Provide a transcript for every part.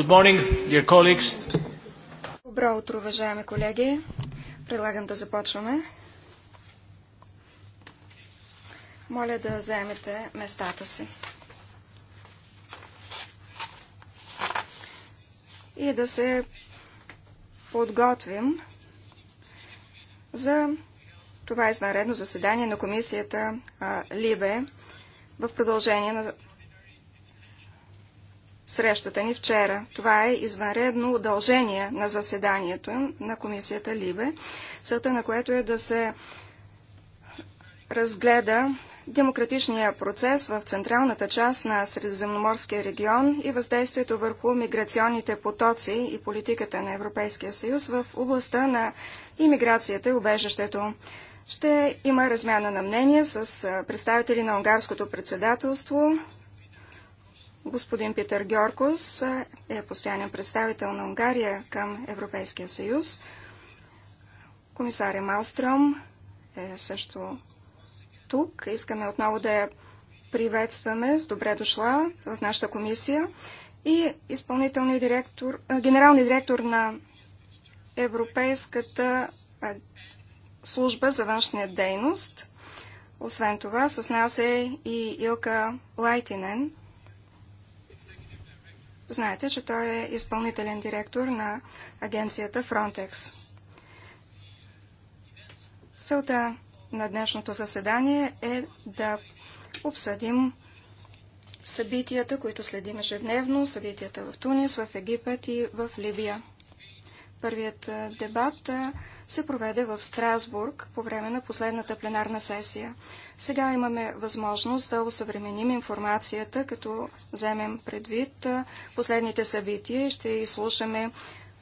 Good morning, dear colleagues. Добро утро, уважаеми колеги. Предлагам да започваме. Моля да вземете местата си. И да се подготвим за това извънредно заседание на комисията Либе в продължение на срещата ни вчера. Това е извънредно удължение на заседанието на комисията Либе, целта на което е да се разгледа демократичния процес в централната част на Средиземноморския регион и въздействието върху миграционните потоци и политиката на Европейския съюз в областта на имиграцията и убежището. Ще има размяна на мнения с представители на унгарското председателство, Господин Питър Георгос е постоянен представител на Унгария към Европейския съюз. Комисаря Малстром е също тук. Искаме отново да я приветстваме с добре дошла в нашата комисия и изпълнителният директор, генералният директор на Европейската служба за външния дейност. Освен това, с нас е и Илка Лайтинен, Знаете, че той е изпълнителен директор на агенцията Frontex. Целта на днешното заседание е да обсъдим събитията, които следим ежедневно, събитията в Тунис, в Египет и в Либия. Първият дебат се проведе в Страсбург по време на последната пленарна сесия. Сега имаме възможност да усъвременим информацията, като вземем предвид последните събития. Ще изслушаме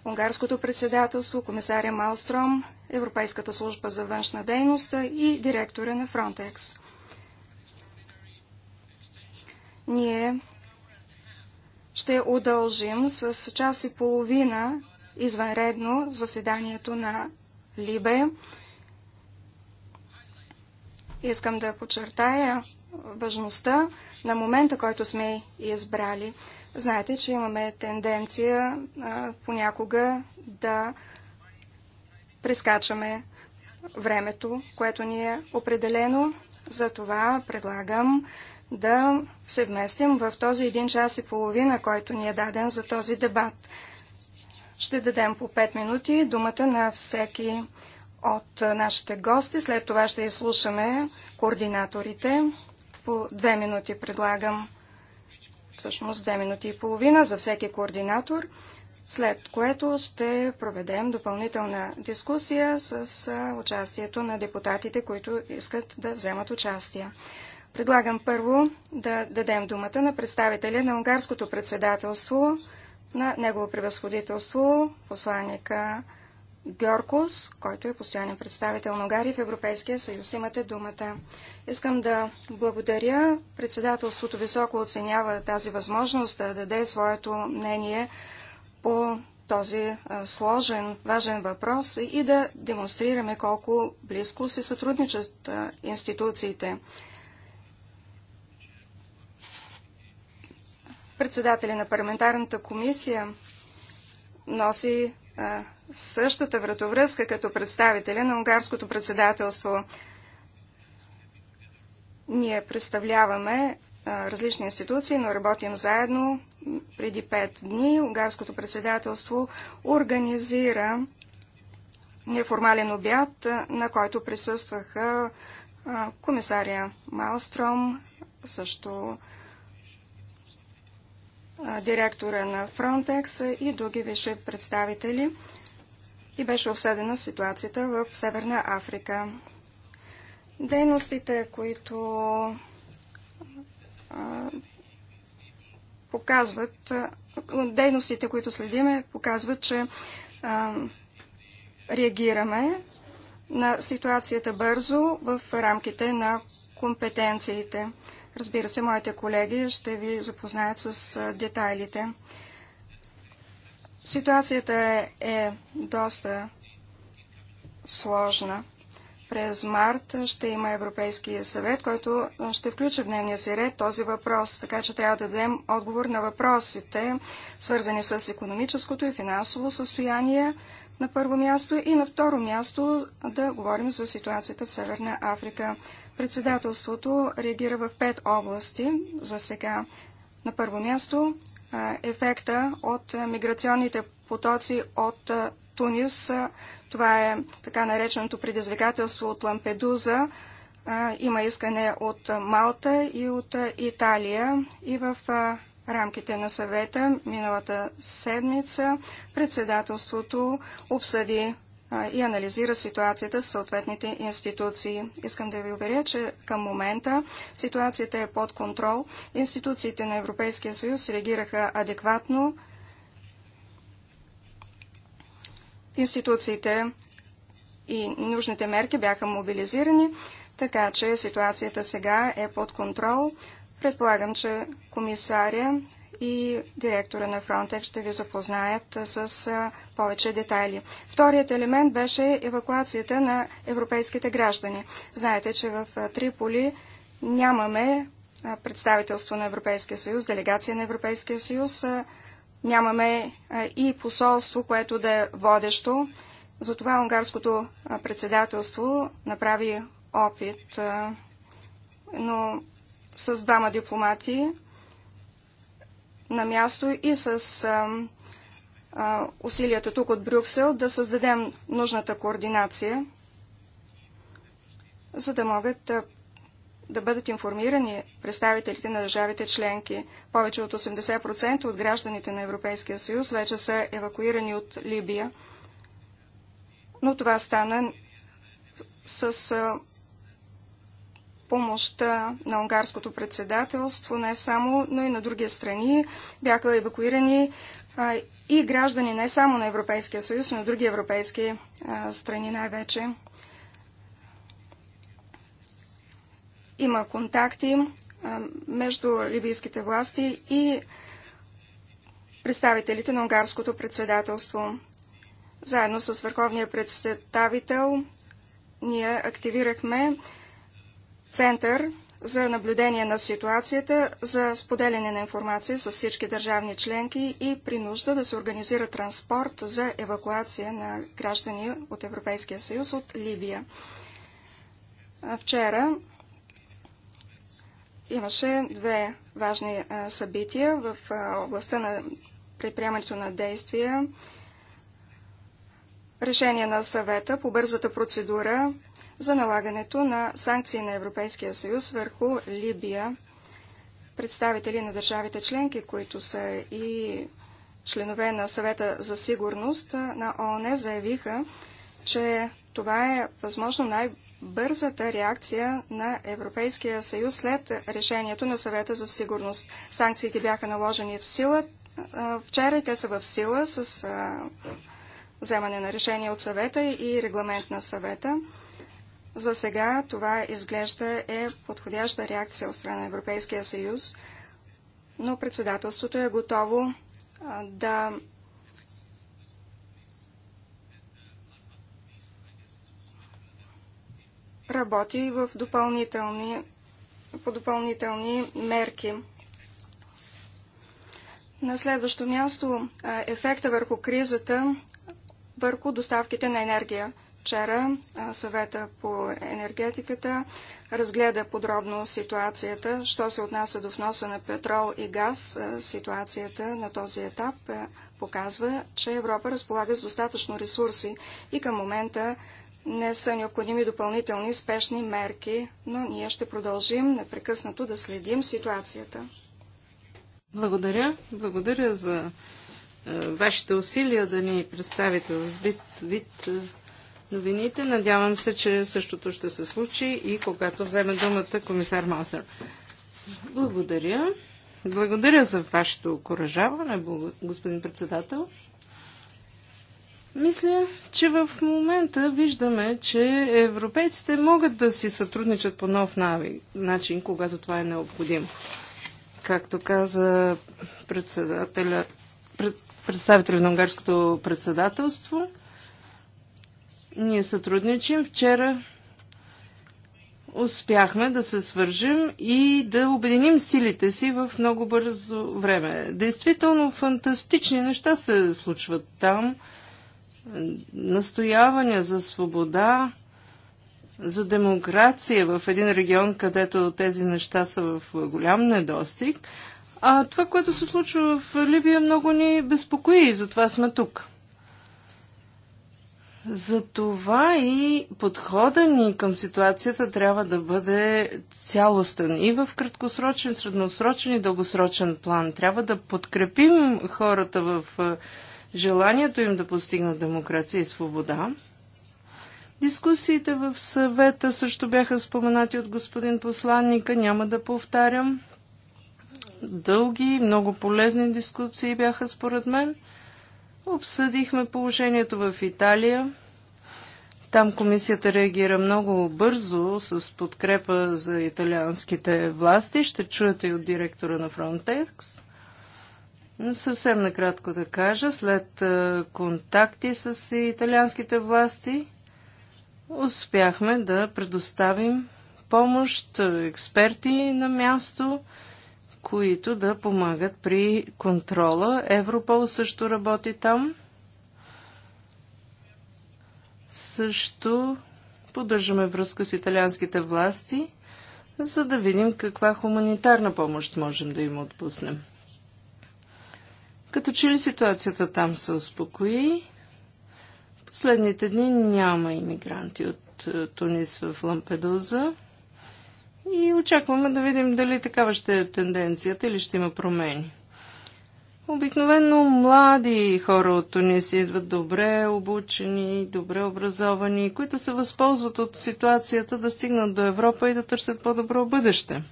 Унгарското председателство, комисаря Малстром, Европейската служба за външна дейност и директора на Фронтекс. Ние ще удължим с час и половина извънредно заседанието на Либе. Искам да подчертая важността на момента, който сме избрали. Знаете, че имаме тенденция а, понякога да прескачаме времето, което ни е определено. Затова предлагам да се вместим в този един час и половина, който ни е даден за този дебат. Ще дадем по 5 минути думата на всеки от нашите гости. След това ще изслушаме координаторите. По 2 минути предлагам, всъщност 2 минути и половина за всеки координатор, след което ще проведем допълнителна дискусия с участието на депутатите, които искат да вземат участие. Предлагам първо да дадем думата на представителя на унгарското председателство на негово превъзходителство, посланника Георгос, който е постоянен представител на Унгария в Европейския съюз. Имате думата. Искам да благодаря. Председателството високо оценява тази възможност да даде своето мнение по този сложен, важен въпрос и да демонстрираме колко близко се сътрудничат институциите. Председателя на парламентарната комисия носи а, същата вратовръзка като представителя на унгарското председателство. Ние представляваме а, различни институции, но работим заедно. Преди пет дни унгарското председателство организира неформален обяд, на който присъстваха комисария Малстром, също директора на Frontex и други висши представители и беше обсъдена ситуацията в Северна Африка. Дейностите, които показват, дейностите, които следиме, показват, че реагираме на ситуацията бързо в рамките на компетенциите. Разбира се, моите колеги ще ви запознаят с детайлите. Ситуацията е, е доста сложна. През март ще има Европейския съвет, който ще включи в дневния си ред този въпрос, така че трябва да дадем отговор на въпросите, свързани с економическото и финансово състояние на първо място и на второ място да говорим за ситуацията в Северна Африка. Председателството реагира в пет области за сега. На първо място ефекта от миграционните потоци от Тунис. Това е така нареченото предизвикателство от Лампедуза. Има искане от Малта и от Италия. И в рамките на съвета миналата седмица председателството обсъди и анализира ситуацията с съответните институции. Искам да ви уверя, че към момента ситуацията е под контрол. Институциите на Европейския съюз реагираха адекватно. Институциите и нужните мерки бяха мобилизирани, така че ситуацията сега е под контрол. Предполагам, че комисаря и директора на Frontex ще ви запознаят с повече детайли. Вторият елемент беше евакуацията на европейските граждани. Знаете, че в Триполи нямаме представителство на Европейския съюз, делегация на Европейския съюз, нямаме и посолство, което да е водещо. Затова унгарското председателство направи опит, но с двама дипломати на място и с а, а, усилията тук от Брюксел да създадем нужната координация, за да могат а, да бъдат информирани представителите на държавите членки. Повече от 80% от гражданите на Европейския съюз вече са евакуирани от Либия, но това стана с помощта на унгарското председателство, не само, но и на други страни. Бяха евакуирани а, и граждани не само на Европейския съюз, но и на други европейски а, страни най-вече. Има контакти а, между либийските власти и представителите на унгарското председателство. Заедно с върховния представител ние активирахме център за наблюдение на ситуацията, за споделяне на информация с всички държавни членки и при нужда да се организира транспорт за евакуация на граждани от Европейския съюз от Либия. Вчера имаше две важни събития в областта на предприемането на действия. Решение на съвета по бързата процедура за налагането на санкции на Европейския съюз върху Либия. Представители на държавите членки, които са и членове на съвета за сигурност на ООН заявиха, че това е възможно най-бързата реакция на Европейския съюз след решението на съвета за сигурност. Санкциите бяха наложени в сила вчера и те са в сила с вземане на решение от съвета и регламент на съвета. За сега това изглежда е подходяща реакция от страна на Европейския съюз, но председателството е готово да работи в допълнителни, по допълнителни мерки. На следващо място ефекта върху кризата, върху доставките на енергия – Вчера съвета по енергетиката разгледа подробно ситуацията, що се отнася до вноса на петрол и газ. Ситуацията на този етап показва, че Европа разполага с достатъчно ресурси и към момента не са необходими допълнителни спешни мерки, но ние ще продължим непрекъснато да следим ситуацията. Благодаря. Благодаря за е, вашите усилия да ни представите в сбит вид новините. Надявам се, че същото ще се случи и когато вземе думата комисар Маусер. Благодаря. Благодаря за вашето окоръжаване, господин председател. Мисля, че в момента виждаме, че европейците могат да си сътрудничат по нов начин, когато това е необходимо. Както каза председателя, пред, представителя на унгарското председателство, ние сътрудничим. Вчера успяхме да се свържим и да обединим силите си в много бързо време. Действително фантастични неща се случват там. Настоявания за свобода, за демокрация в един регион, където тези неща са в голям недостиг. А това, което се случва в Либия, много ни безпокои и затова сме тук. Затова и подхода ни към ситуацията трябва да бъде цялостен и в краткосрочен, средносрочен и дългосрочен план. Трябва да подкрепим хората в желанието им да постигнат демокрация и свобода. Дискусиите в съвета също бяха споменати от господин посланника, няма да повтарям. Дълги, много полезни дискусии бяха според мен – Обсъдихме положението в Италия. Там комисията реагира много бързо с подкрепа за италианските власти. Ще чуете и от директора на Frontex. Но съвсем накратко да кажа, след контакти с италианските власти, успяхме да предоставим помощ, експерти на място – които да помагат при контрола. Европол също работи там. Също поддържаме връзка с италианските власти, за да видим каква хуманитарна помощ можем да им отпуснем. Като че ли ситуацията там се успокои, последните дни няма иммигранти от е, Тунис в Лампедуза и очакваме да видим дали такава ще е тенденцията или ще има промени. Обикновено млади хора от Тунис идват добре обучени, добре образовани, които се възползват от ситуацията да стигнат до Европа и да търсят по-добро бъдеще.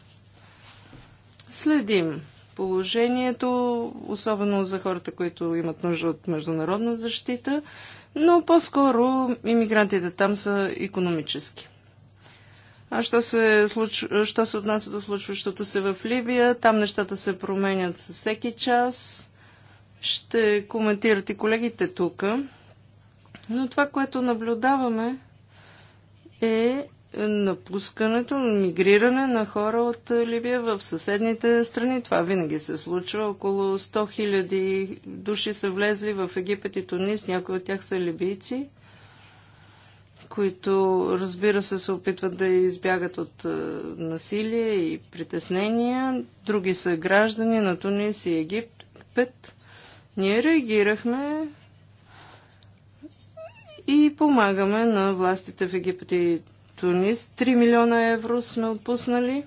Следим положението, особено за хората, които имат нужда от международна защита, но по-скоро иммигрантите там са економически. А що се, случ... що се отнася до случващото се в Либия, там нещата се променят със всеки час. Ще коментират и колегите тук. Но това, което наблюдаваме, е напускането, мигриране на хора от Либия в съседните страни. Това винаги се случва. Около 100 000 души са влезли в Египет и Тунис, някои от тях са либийци които разбира се се опитват да избягат от е, насилие и притеснения. Други са граждани на Тунис и Египет. Ние реагирахме и помагаме на властите в Египет и Тунис. 3 милиона евро сме отпуснали.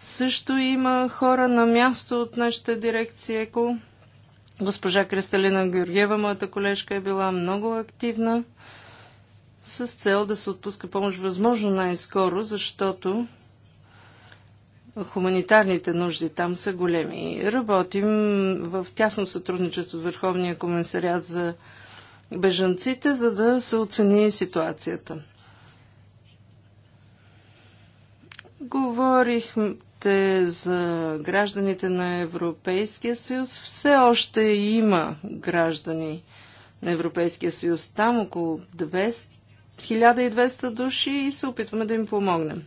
Също има хора на място от нашата дирекция ЕКО. Госпожа Кристалина Георгиева, моята колежка, е била много активна с цел да се отпуска помощ възможно най-скоро, защото хуманитарните нужди там са големи. Работим в тясно сътрудничество с Върховния комисариат за бежанците, за да се оцени ситуацията. Говорихте за гражданите на Европейския съюз. Все още има граждани на Европейския съюз. Там около 200 1200 души и се опитваме да им помогнем.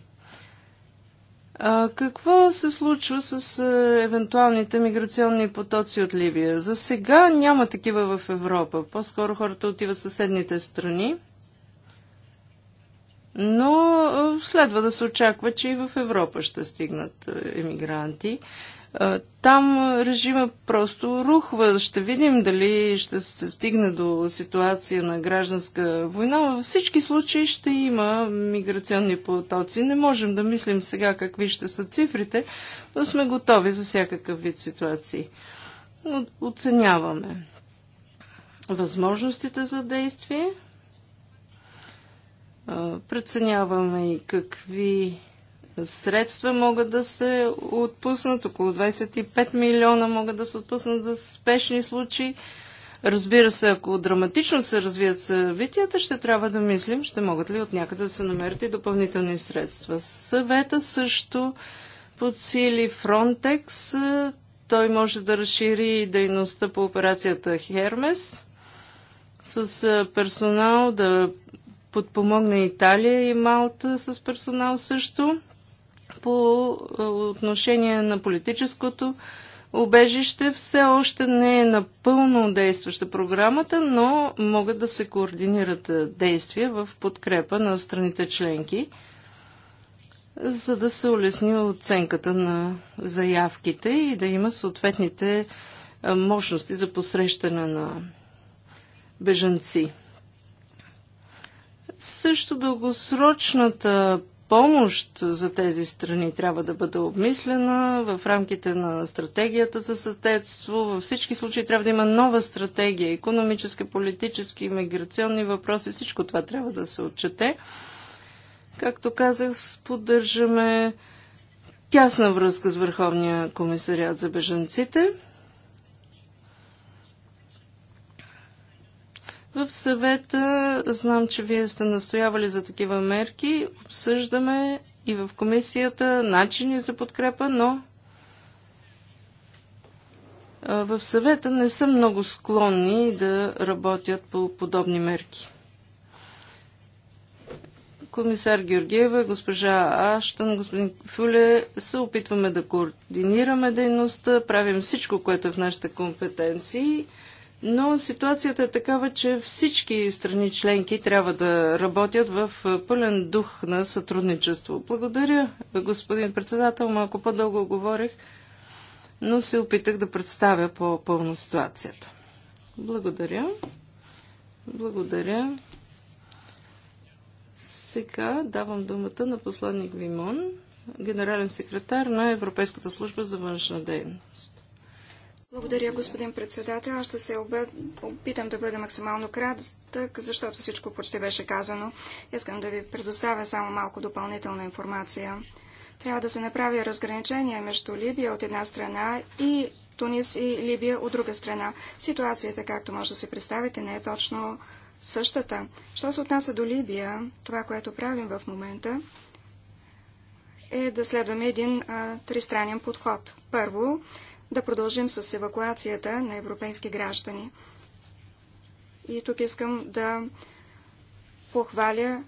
А, какво се случва с а, евентуалните миграционни потоци от Ливия? За сега няма такива в Европа. По-скоро хората отиват в съседните страни. Но а, следва да се очаква, че и в Европа ще стигнат емигранти. Там режима просто рухва. Ще видим дали ще се стигне до ситуация на гражданска война. Във всички случаи ще има миграционни потоци. Не можем да мислим сега какви ще са цифрите, но сме готови за всякакъв вид ситуации. Оценяваме възможностите за действие. Преценяваме и какви средства могат да се отпуснат, около 25 милиона могат да се отпуснат за спешни случаи. Разбира се, ако драматично се развият събитията, ще трябва да мислим, ще могат ли от някъде да се намерят и допълнителни средства. Съвета също подсили Фронтекс. Той може да разшири дейността по операцията Хермес с персонал, да подпомогне Италия и Малта с персонал също по е, отношение на политическото убежище все още не е напълно действаща програмата, но могат да се координират е, действия в подкрепа на страните членки, за да се улесни оценката на заявките и да има съответните е, мощности за посрещане на бежанци. Също дългосрочната помощ за тези страни трябва да бъде обмислена в рамките на стратегията за съседство. Във всички случаи трябва да има нова стратегия, економически, политически, миграционни въпроси. Всичко това трябва да се отчете. Както казах, поддържаме тясна връзка с Върховния комисариат за бежанците. В съвета знам, че вие сте настоявали за такива мерки. Обсъждаме и в комисията начини за подкрепа, но в съвета не са много склонни да работят по подобни мерки. Комисар Георгиева, госпожа Аштън, господин Фюле, се опитваме да координираме дейността, правим всичко, което е в нашите компетенции – но ситуацията е такава, че всички страни членки трябва да работят в пълен дух на сътрудничество. Благодаря, господин председател. Малко по-дълго говорих, но се опитах да представя по-пълно ситуацията. Благодаря. Благодаря. Сега давам думата на посланник Вимон, генерален секретар на Европейската служба за външна дейност. Благодаря, господин председател. Аз ще се опитам да бъда максимално кратък, защото всичко почти беше казано. Искам да ви предоставя само малко допълнителна информация. Трябва да се направи разграничение между Либия от една страна и Тунис и Либия от друга страна. Ситуацията, както може да се представите, не е точно същата. Що се отнася до Либия, това, което правим в момента, е да следваме един а, тристранен подход. Първо, да продължим с евакуацията на европейски граждани. И тук искам да похваля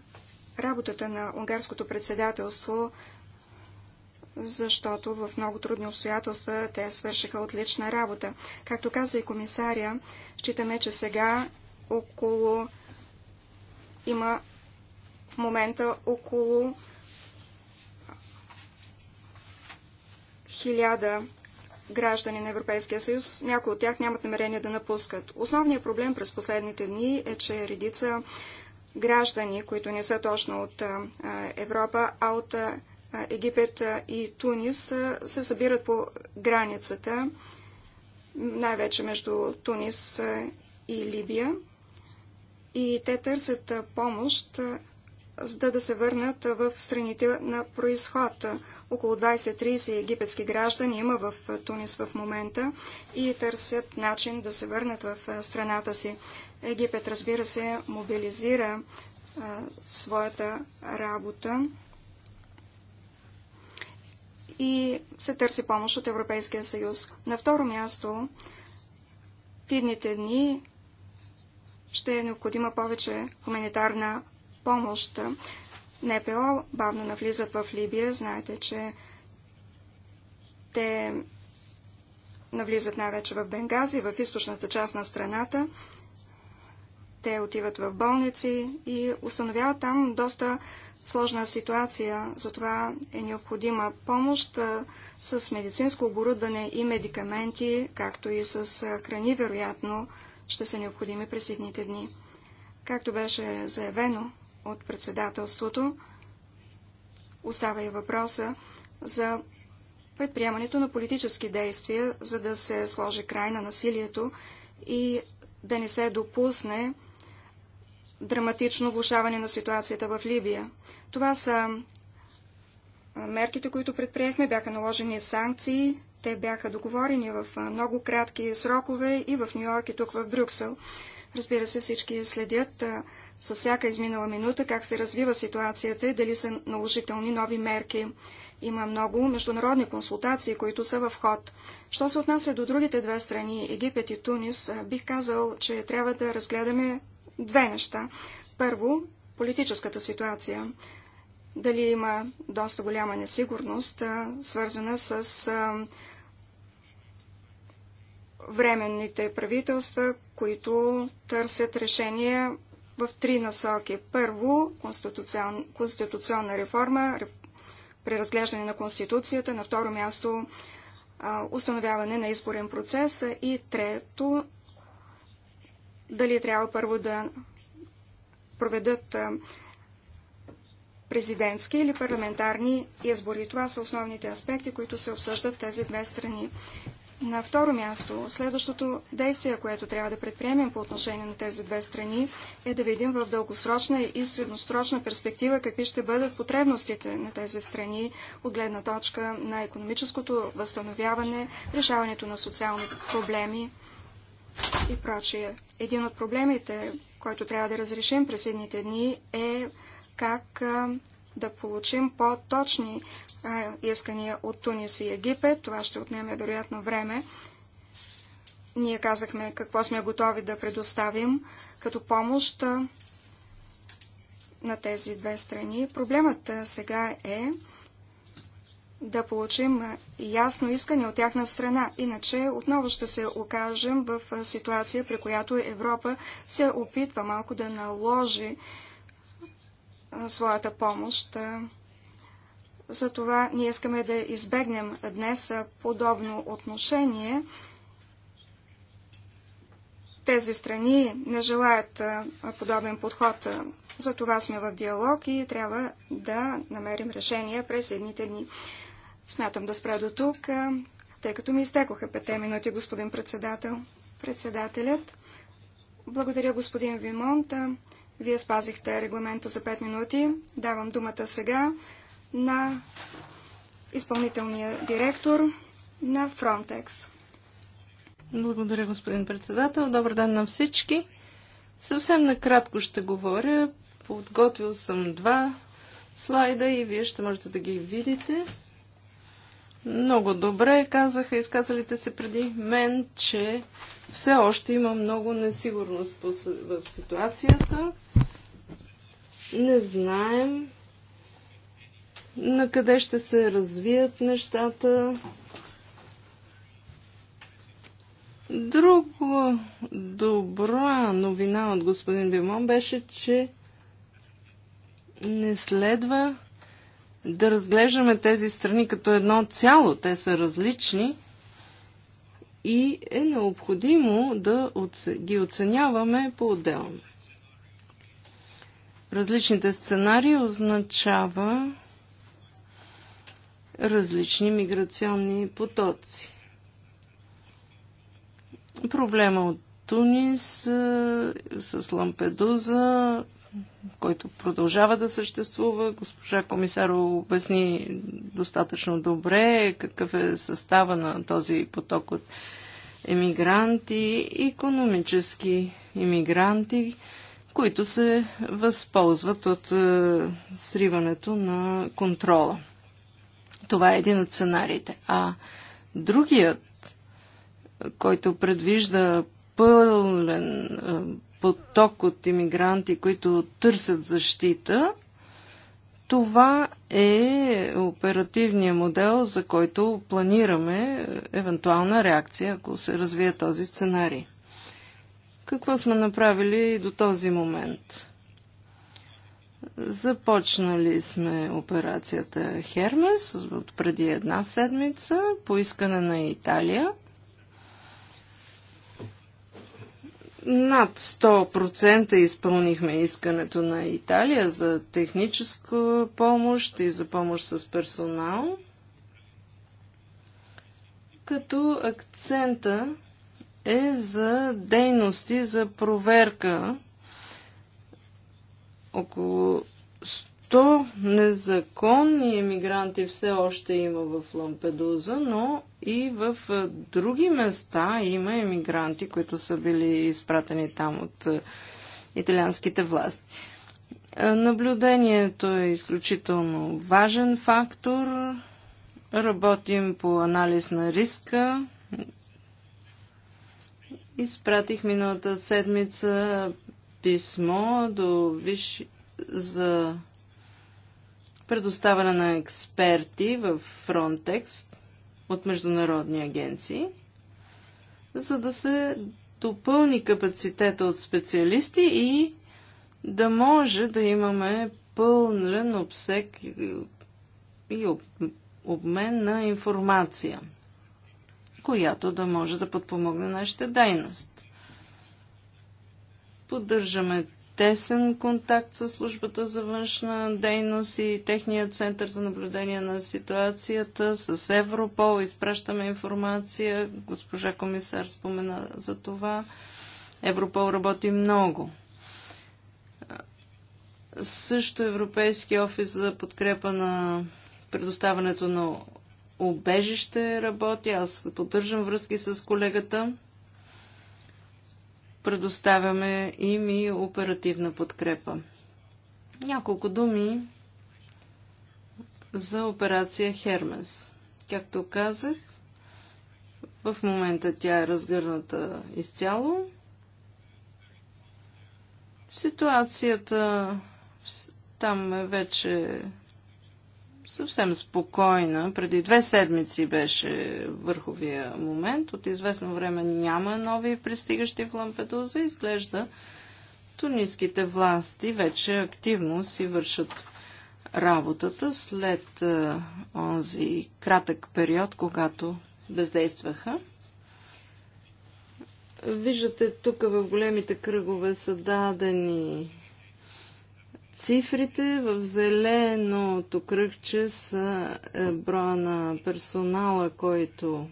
работата на унгарското председателство, защото в много трудни обстоятелства те свършиха отлична работа. Както каза и комисаря, считаме, че сега около има в момента около хиляда граждани на Европейския съюз, някои от тях нямат намерение да напускат. Основният проблем през последните дни е, че редица граждани, които не са точно от Европа, а от Египет и Тунис, се събират по границата, най-вече между Тунис и Либия. И те търсят помощ, за да, да се върнат в страните на происход. Около 20-30 египетски граждани има в Тунис в момента и търсят начин да се върнат в страната си. Египет, разбира се, мобилизира а, своята работа и се търси помощ от Европейския съюз. На второ място, в идните дни ще е необходима повече хуманитарна помощ. НПО бавно навлизат в Либия. Знаете, че те навлизат най-вече в Бенгази, в източната част на страната. Те отиват в болници и установяват там доста сложна ситуация. Затова е необходима помощ с медицинско оборудване и медикаменти, както и с храни, вероятно, ще са необходими през едните дни. Както беше заявено, от председателството. Остава и въпроса за предприемането на политически действия, за да се сложи край на насилието и да не се допусне драматично влушаване на ситуацията в Либия. Това са мерките, които предприехме, бяха наложени санкции, те бяха договорени в много кратки срокове и в Нью-Йорк и тук в Брюксел. Разбира се, всички следят с всяка изминала минута как се развива ситуацията и дали са наложителни нови мерки. Има много международни консултации, които са в ход. Що се отнася до другите две страни, Египет и Тунис, бих казал, че трябва да разгледаме две неща. Първо, политическата ситуация. Дали има доста голяма несигурност, свързана с временните правителства, които търсят решения в три насоки. Първо, конституцион, конституционна реформа, преразглеждане на Конституцията. На второ място, установяване на изборен процес. И трето, дали трябва първо да проведат президентски или парламентарни избори. Това са основните аспекти, които се обсъждат тези две страни. На второ място, следващото действие, което трябва да предприемем по отношение на тези две страни, е да видим в дългосрочна и средносрочна перспектива какви ще бъдат потребностите на тези страни от гледна точка на економическото възстановяване, решаването на социални проблеми и прочие. Един от проблемите, който трябва да разрешим през едните дни е как да получим по-точни искания от Тунис и Египет. Това ще отнеме вероятно време. Ние казахме какво сме готови да предоставим като помощ на тези две страни. Проблемът сега е да получим ясно искане от тяхна страна. Иначе отново ще се окажем в ситуация, при която Европа се опитва малко да наложи своята помощ затова ние искаме да избегнем днес подобно отношение. Тези страни не желаят подобен подход. Затова сме в диалог и трябва да намерим решение през едните дни. Смятам да спра до тук, тъй като ми изтекоха пете минути, господин председател. Председателят. Благодаря, господин Вимонт. Вие спазихте регламента за 5 минути. Давам думата сега на изпълнителния директор на Frontex. Благодаря, господин председател. Добър ден на всички. Съвсем накратко ще говоря. Подготвил съм два слайда и вие ще можете да ги видите. Много добре казаха изказалите се преди мен, че все още има много несигурност в ситуацията. Не знаем на къде ще се развият нещата. Друго добра новина от господин Бимон беше, че не следва да разглеждаме тези страни като едно цяло. Те са различни и е необходимо да ги оценяваме по-отделно. Различните сценарии означава, различни миграционни потоци. Проблема от Тунис с Лампедуза, който продължава да съществува. Госпожа комисар обясни достатъчно добре какъв е състава на този поток от емигранти, економически емигранти, които се възползват от сриването на контрола. Това е един от сценариите. А другият, който предвижда пълен поток от иммигранти, които търсят защита, това е оперативният модел, за който планираме евентуална реакция, ако се развие този сценарий. Какво сме направили до този момент? Започнали сме операцията Хермес от преди една седмица по искане на Италия. Над 100% изпълнихме искането на Италия за техническа помощ и за помощ с персонал. Като акцента е за дейности за проверка около 100 незаконни емигранти все още има в Лампедуза, но и в други места има емигранти, които са били изпратени там от италианските власти. Наблюдението е изключително важен фактор. Работим по анализ на риска. Изпратих миналата седмица писмо до виш... за предоставяне на експерти в Frontex от международни агенции, за да се допълни капацитета от специалисти и да може да имаме пълнен обсек и обмен на информация, която да може да подпомогне нашите дейности. Поддържаме тесен контакт с службата за външна дейност и техния център за наблюдение на ситуацията, с Европол изпращаме информация. Госпожа комисар спомена за това. Европол работи много. Също Европейски офис за подкрепа на предоставането на обежище работи. Аз поддържам връзки с колегата предоставяме им и оперативна подкрепа. Няколко думи за операция Хермес. Както казах, в момента тя е разгърната изцяло. Ситуацията там е вече съвсем спокойна. Преди две седмици беше върховия момент. От известно време няма нови пристигащи в Лампедуза. Изглежда туниските власти вече активно си вършат работата след онзи кратък период, когато бездействаха. Виждате, тук в големите кръгове са дадени Цифрите в зеленото кръгче са е, броя на персонала, който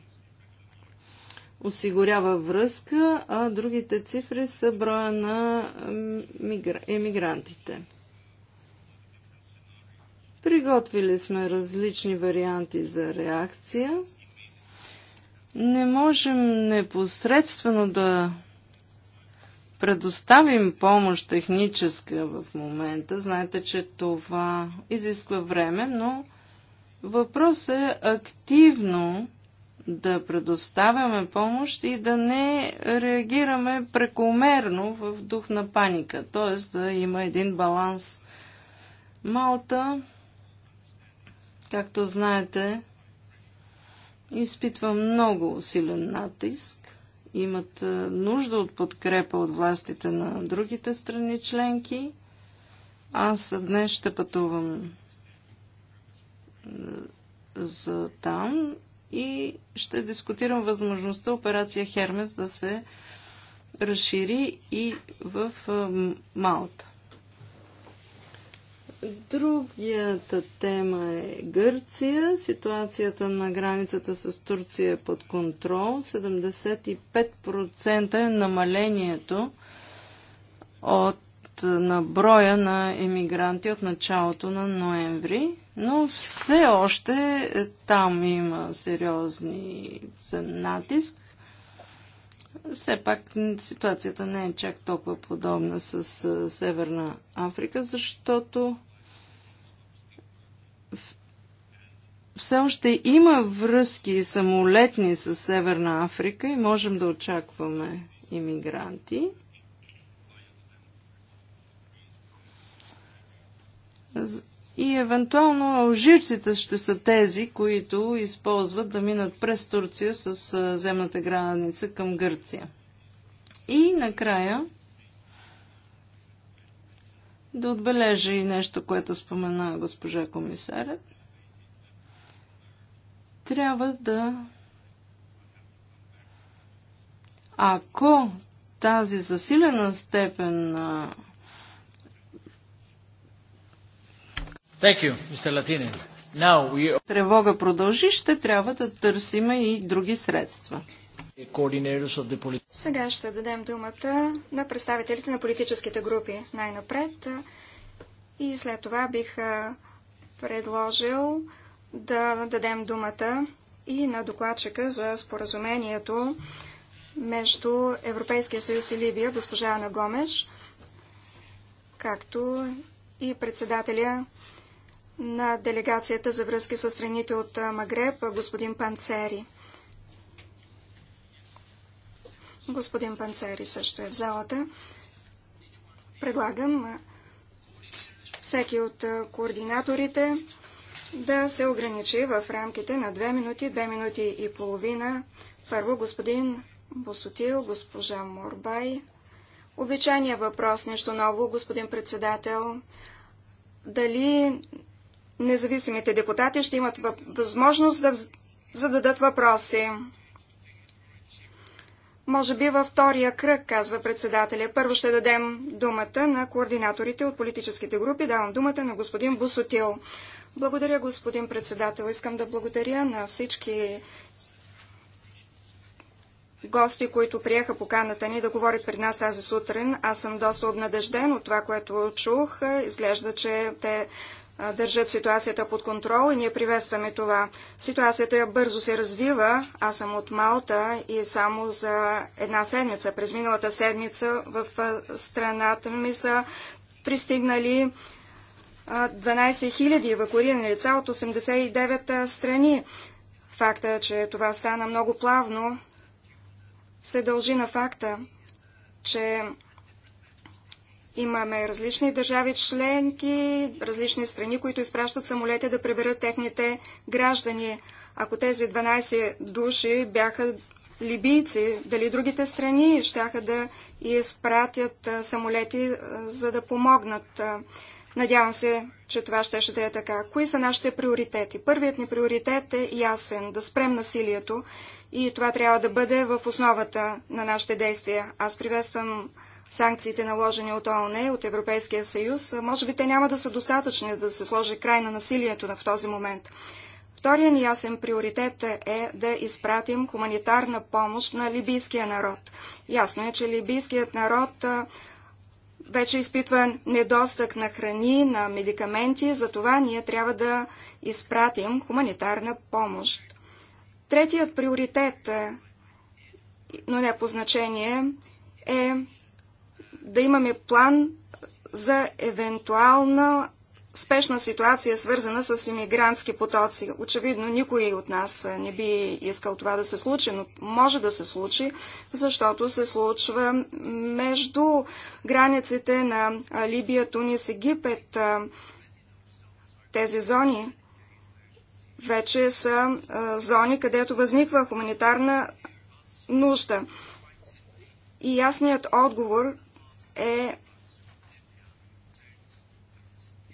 осигурява връзка, а другите цифри са броя на емигрантите. Приготвили сме различни варианти за реакция. Не можем непосредствено да предоставим помощ техническа в момента. Знаете, че това изисква време, но въпрос е активно да предоставяме помощ и да не реагираме прекомерно в дух на паника, т.е. да има един баланс. Малта, както знаете, изпитва много силен натиск имат нужда от подкрепа от властите на другите страни членки. Аз днес ще пътувам за там и ще дискутирам възможността операция Хермес да се разшири и в Малта. Другията тема е Гърция. Ситуацията на границата с Турция е под контрол. 75% е намалението от на броя на емигранти от началото на ноември, но все още е, там има сериозни натиск. Все пак ситуацията не е чак толкова подобна с е, Северна Африка, защото все още има връзки самолетни с Северна Африка и можем да очакваме иммигранти. И евентуално алжирците ще са тези, които използват да минат през Турция с земната граница към Гърция. И накрая да отбележа и нещо, което спомена госпожа комисарят трябва да. Ако тази засилена степен на. Thank you, Mr. Now we... Тревога продължи, ще трябва да търсим и други средства. Сега ще дадем думата на представителите на политическите групи най-напред и след това бих предложил да дадем думата и на докладчика за споразумението между Европейския съюз и Либия, госпожа Ана Гомеш, както и председателя на делегацията за връзки с страните от Магреб, господин Панцери. Господин Панцери също е в залата. Предлагам всеки от координаторите да се ограничи в рамките на 2 минути, 2 минути и половина. Първо господин Босотил, госпожа Морбай. Обичайният въпрос, нещо ново, господин председател. Дали независимите депутати ще имат възможност да зададат въпроси? Може би във втория кръг, казва председателя. Първо ще дадем думата на координаторите от политическите групи. Давам думата на господин Босотил. Благодаря, господин председател. Искам да благодаря на всички гости, които приеха поканата ни да говорят пред нас тази сутрин. Аз съм доста обнадежден от това, което чух. Изглежда, че те държат ситуацията под контрол и ние приветстваме това. Ситуацията бързо се развива. Аз съм от Малта и само за една седмица, през миналата седмица в страната ми са пристигнали 12 000 евакуирани лица от 89 страни. Факта, е, че това стана много плавно, се дължи на факта, че имаме различни държави членки, различни страни, които изпращат самолети да приберат техните граждани. Ако тези 12 души бяха либийци, дали другите страни щяха да изпратят самолети, за да помогнат. Надявам се, че това ще, ще да е така. Кои са нашите приоритети? Първият ни приоритет е ясен – да спрем насилието и това трябва да бъде в основата на нашите действия. Аз приветствам санкциите наложени от ООН, от Европейския съюз. Може би те няма да са достатъчни да се сложи край на насилието в този момент. Вторият ни ясен приоритет е да изпратим хуманитарна помощ на либийския народ. Ясно е, че либийският народ вече изпитва недостъг на храни, на медикаменти, затова ние трябва да изпратим хуманитарна помощ. Третият приоритет, е, но не по значение, е да имаме план за евентуална спешна ситуация, свързана с иммигрантски потоци. Очевидно, никой от нас не би искал това да се случи, но може да се случи, защото се случва между границите на Либия, Тунис, Египет. Тези зони вече са зони, където възниква хуманитарна нужда. И ясният отговор е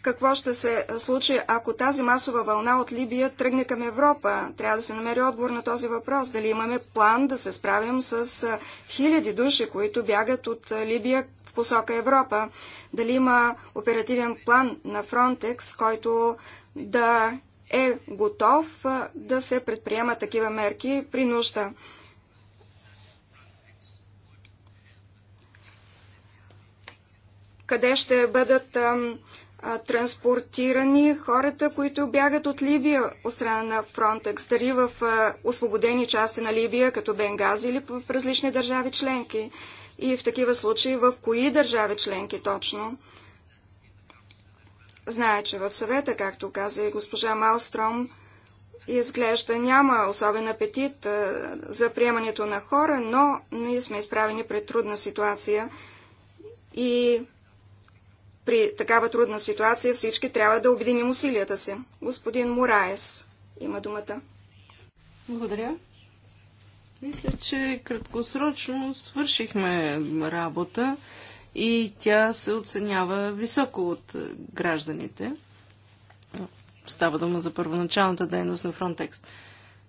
какво ще се случи, ако тази масова вълна от Либия тръгне към Европа. Трябва да се намери отговор на този въпрос. Дали имаме план да се справим с хиляди души, които бягат от Либия в посока Европа? Дали има оперативен план на Фронтекс, който да е готов да се предприема такива мерки при нужда? къде ще бъдат ам, а, транспортирани хората, които бягат от Либия от страна на Фронтекс, дали в а, освободени части на Либия, като Бенгази или в различни държави членки. И в такива случаи в кои държави членки точно? Знае, че в съвета, както каза и госпожа Малстром, изглежда няма особен апетит а, за приемането на хора, но ние сме изправени пред трудна ситуация и при такава трудна ситуация всички трябва да обединим усилията си. Господин Мураес има думата. Благодаря. Мисля, че краткосрочно свършихме работа и тя се оценява високо от гражданите. Става дума за първоначалната дейност на Frontex.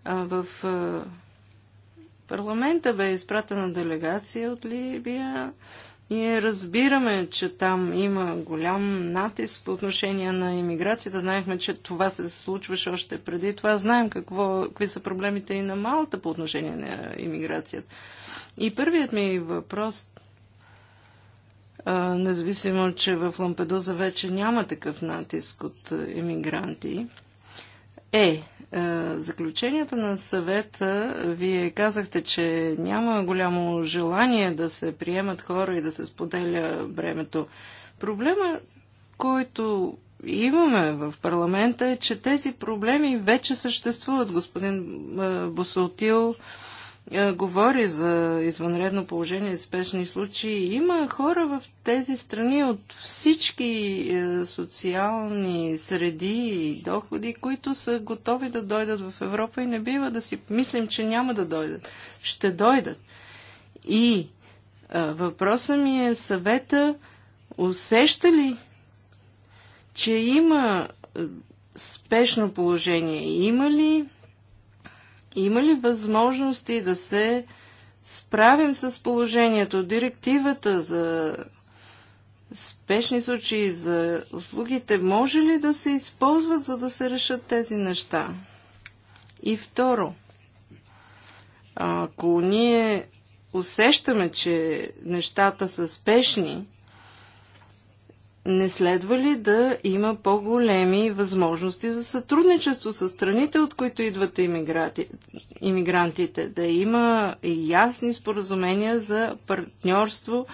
В парламента бе изпратена делегация от Либия ние разбираме, че там има голям натиск по отношение на иммиграцията. Знаехме, че това се случваше още преди това. Знаем какво, какви са проблемите и на малата по отношение на иммиграцията. И първият ми въпрос, независимо, че в Лампедуза вече няма такъв натиск от иммигранти, е е, заключенията на съвета, вие казахте, че няма голямо желание да се приемат хора и да се споделя бремето. Проблема, който имаме в парламента е, че тези проблеми вече съществуват. Господин е, Босотил е, говори за извънредно положение и спешни случаи. Има хора в тези страни от всички е, социални среди и доходи, които са готови да дойдат в Европа и не бива да си мислим, че няма да дойдат. Ще дойдат. И е, въпросът ми е съвета усеща ли, че има спешно положение? Има ли има ли възможности да се справим с положението? Директивата за спешни случаи, за услугите, може ли да се използват, за да се решат тези неща? И второ, ако ние усещаме, че нещата са спешни, не следва ли да има по-големи възможности за сътрудничество с страните, от които идват иммигрантите? Да има ясни споразумения за партньорство,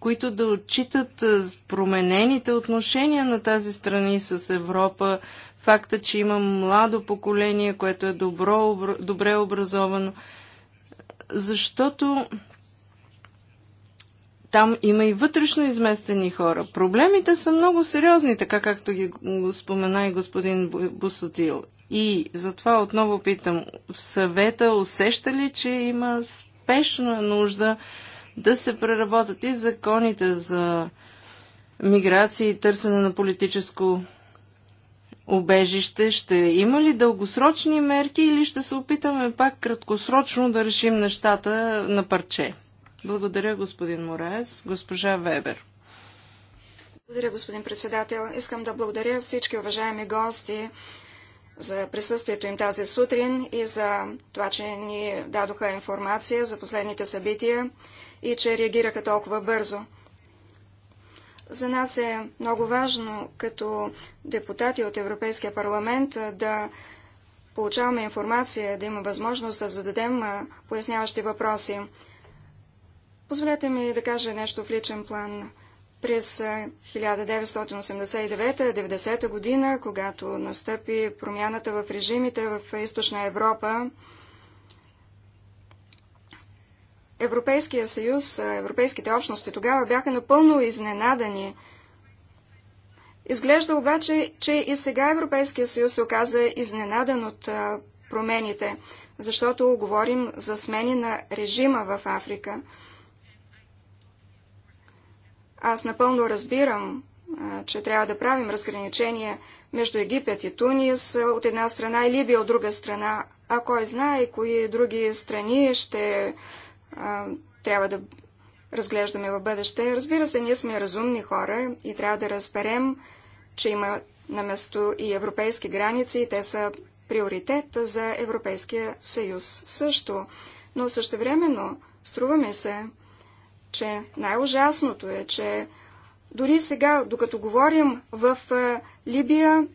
които да отчитат променените отношения на тази страни с Европа, факта, че има младо поколение, което е добро, добре образовано, защото там има и вътрешно изместени хора. Проблемите са много сериозни, така както ги спомена и господин Бусотил. И затова отново питам, в съвета усеща ли, че има спешна нужда да се преработят и законите за миграция и търсене на политическо обежище? Ще има ли дългосрочни мерки или ще се опитаме пак краткосрочно да решим нещата на парче? Благодаря, господин Мораес. Госпожа Вебер. Благодаря, господин председател. Искам да благодаря всички уважаеми гости за присъствието им тази сутрин и за това, че ни дадоха информация за последните събития и че реагираха толкова бързо. За нас е много важно като депутати от Европейския парламент да получаваме информация, да има възможност да зададем поясняващи въпроси. Позволете ми да кажа нещо в личен план. През 1989-90 година, когато настъпи промяната в режимите в Източна Европа, Европейския съюз, европейските общности тогава бяха напълно изненадани. Изглежда обаче, че и сега Европейския съюз се оказа изненадан от промените, защото говорим за смени на режима в Африка – аз напълно разбирам, че трябва да правим разграничение между Египет и Тунис от една страна и Либия от друга страна. А кой знае кои други страни ще трябва да разглеждаме в бъдеще. Разбира се, ние сме разумни хора и трябва да разберем, че има на место и европейски граници и те са приоритет за Европейския съюз също. Но същевременно времено струваме се, че най-ужасното е, че дори сега, докато говорим в Либия,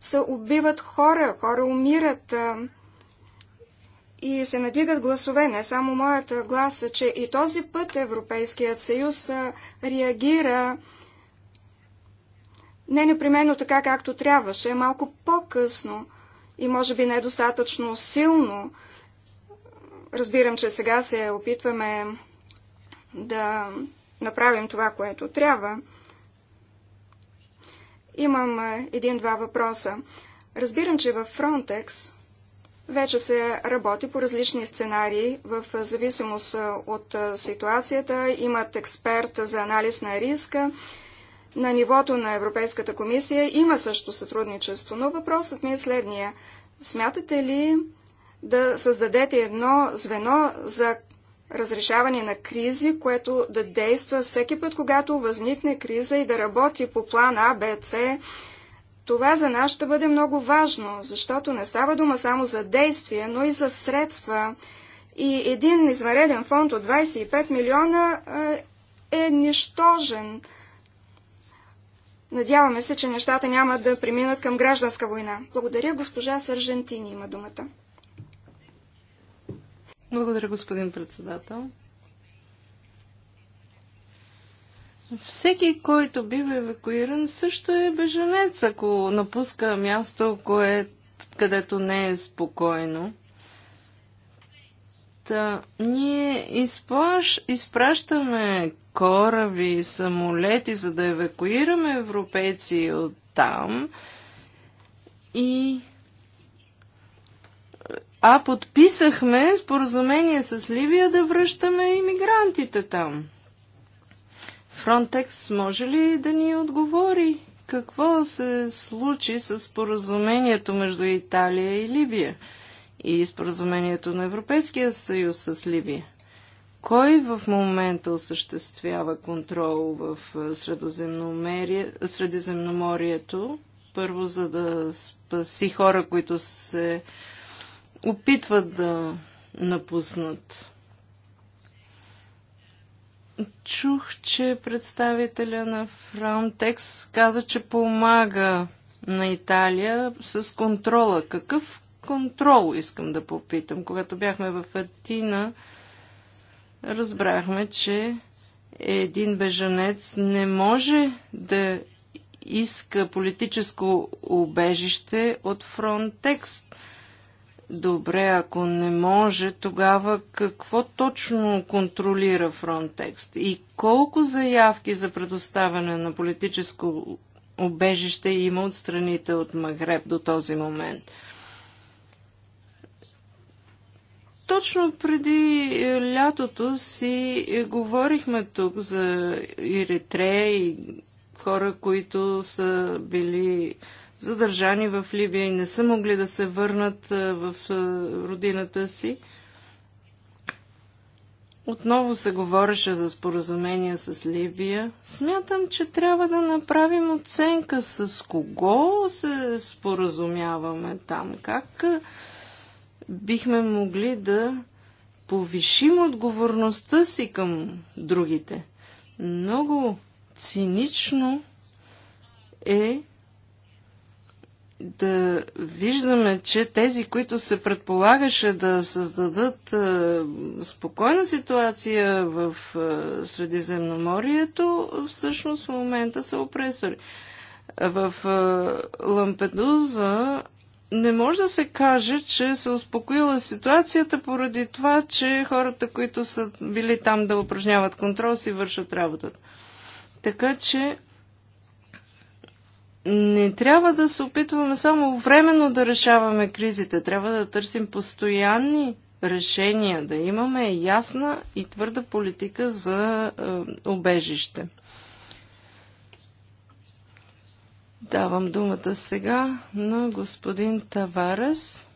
се убиват хора, хора умират и се надигат гласове, не само моята гласа, че и този път Европейският съюз реагира не непременно така, както трябваше, е малко по-късно и може би недостатъчно силно. Разбирам, че сега се опитваме да направим това, което трябва. Имам един-два въпроса. Разбирам, че в Frontex вече се работи по различни сценарии в зависимост от ситуацията. Имат експерт за анализ на риска. На нивото на Европейската комисия има също сътрудничество, но въпросът ми е следния. Смятате ли да създадете едно звено за разрешаване на кризи, което да действа всеки път, когато възникне криза и да работи по план А, Б, С. Това за нас ще бъде много важно, защото не става дума само за действия, но и за средства. И един извънреден фонд от 25 милиона е, е нищожен. Надяваме се, че нещата няма да преминат към гражданска война. Благодаря, госпожа Сържентини има думата. Благодаря, господин председател. Всеки, който бива евакуиран, също е беженец, ако напуска място, кое, където не е спокойно. Та, ние изплаш, изпращаме кораби, самолети, за да евакуираме европейци от там. И а подписахме споразумение с Ливия да връщаме иммигрантите там. Фронтекс може ли да ни отговори? Какво се случи с споразумението между Италия и Ливия? и споразумението на Европейския съюз с Ливия. Кой в момента осъществява контрол в е, Средиземноморието? Първо, за да спаси хора, които се опитват да напуснат. Чух, че представителя на Frontex каза, че помага на Италия с контрола. Какъв контрол, искам да попитам. Когато бяхме в Атина, разбрахме, че един бежанец не може да иска политическо убежище от Фронтекст Добре, ако не може, тогава какво точно контролира Фронтекст? И колко заявки за предоставяне на политическо обежище има от страните от Магреб до този момент? Точно преди е, лятото си е, говорихме тук за Иритрея и хора, които са били задържани в Либия и не са могли да се върнат в родината си. Отново се говореше за споразумение с Либия. Смятам, че трябва да направим оценка с кого се споразумяваме там, как бихме могли да повишим отговорността си към другите. Много цинично е да виждаме, че тези, които се предполагаше да създадат е, спокойна ситуация в е, Средиземноморието, всъщност в момента са опресори. В е, Лампедуза не може да се каже, че се успокоила ситуацията поради това, че хората, които са били там да упражняват контрол, си вършат работата. Така че не трябва да се опитваме само временно да решаваме кризите. Трябва да търсим постоянни решения, да имаме ясна и твърда политика за е, обежище. Давам думата сега на господин Таварес.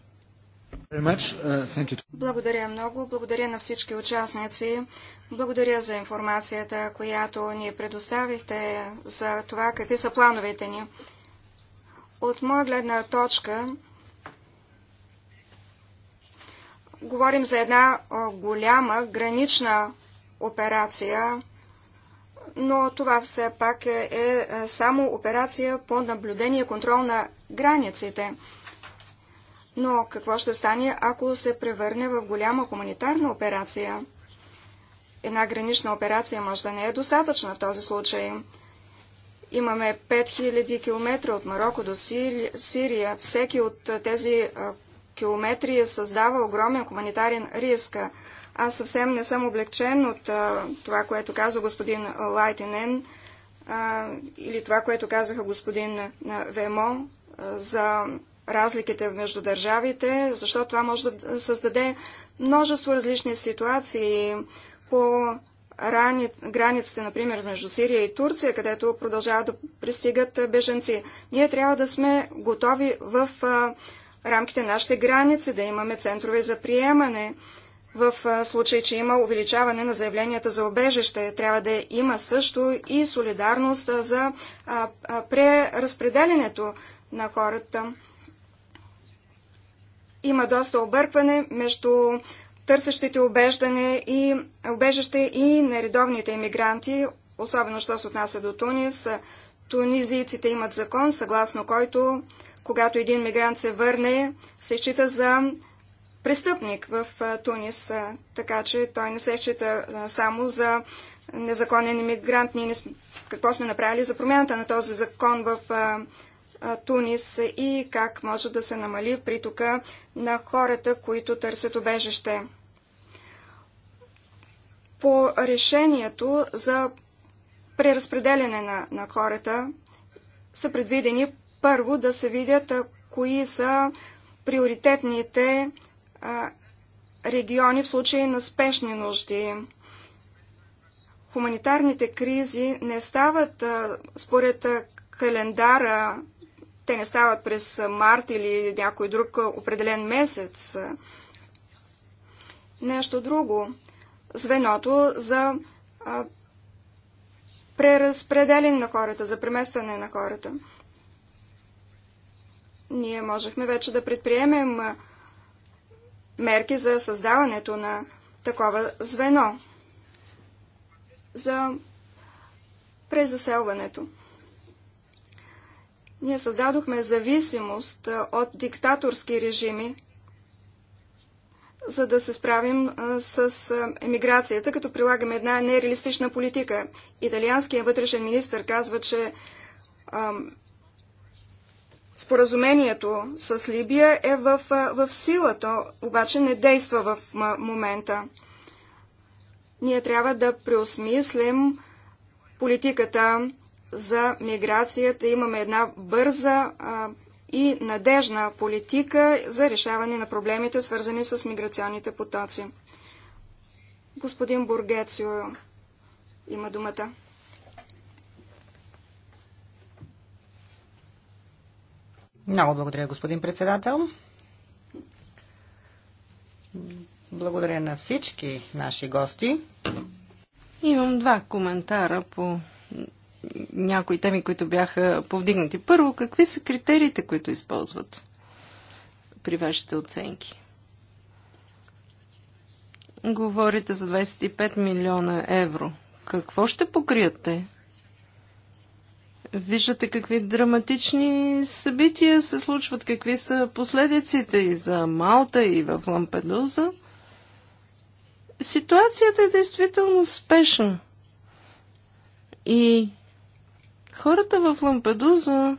Uh, Благодаря много. Благодаря на всички участници. Благодаря за информацията, която ни предоставихте за това какви са плановете ни. От моя гледна точка говорим за една голяма гранична операция, но това все пак е, е само операция по наблюдение и контрол на границите. Но какво ще стане, ако се превърне в голяма хуманитарна операция? Една гранична операция може да не е достатъчна в този случай. Имаме 5000 км от Марокко до Сирия. Всеки от тези километри създава огромен хуманитарен риск. Аз съвсем не съм облегчен от а, това, което каза господин Лайтенен а, или това, което казаха господин Вемо а, за разликите между държавите, защото това може да създаде множество различни ситуации по границите, например, между Сирия и Турция, където продължават да пристигат беженци. Ние трябва да сме готови в рамките на нашите граници да имаме центрове за приемане. В случай, че има увеличаване на заявленията за обежище, трябва да има също и солидарност за преразпределенето на хората. Има доста объркване между търсещите обеждане и обежище и нередовните иммигранти, особено що се отнася до Тунис. Тунизийците имат закон, съгласно който, когато един мигрант се върне, се счита за престъпник в Тунис, така че той не се счита само за незаконен иммигрант. Ние не, какво сме направили за промяната на този закон в Тунис и как може да се намали притока на хората, които търсят убежище. По решението за преразпределяне на, на хората са предвидени първо да се видят кои са приоритетните а, региони в случай на спешни нужди. Хуманитарните кризи не стават а, според календара те не стават през март или някой друг определен месец. Нещо друго. Звеното за а, преразпределен на хората, за преместване на хората. Ние можехме вече да предприемем мерки за създаването на такова звено за презаселването. Ние създадохме зависимост от диктаторски режими, за да се справим с емиграцията, като прилагаме една нереалистична политика. Италианският вътрешен министр казва, че ам, споразумението с Либия е в, в сила, то обаче не действа в момента. Ние трябва да преосмислим политиката за миграцията. Имаме една бърза а, и надежна политика за решаване на проблемите, свързани с миграционните потоци. Господин Бургецио има думата. Много благодаря, господин председател. Благодаря на всички наши гости. Имам два коментара по някои теми, които бяха повдигнати. Първо, какви са критериите, които използват при вашите оценки? Говорите за 25 милиона евро. Какво ще покрият те? Виждате какви драматични събития се случват, какви са последиците и за Малта, и в Лампедуза. Ситуацията е действително спешна. И Хората в Лампедуза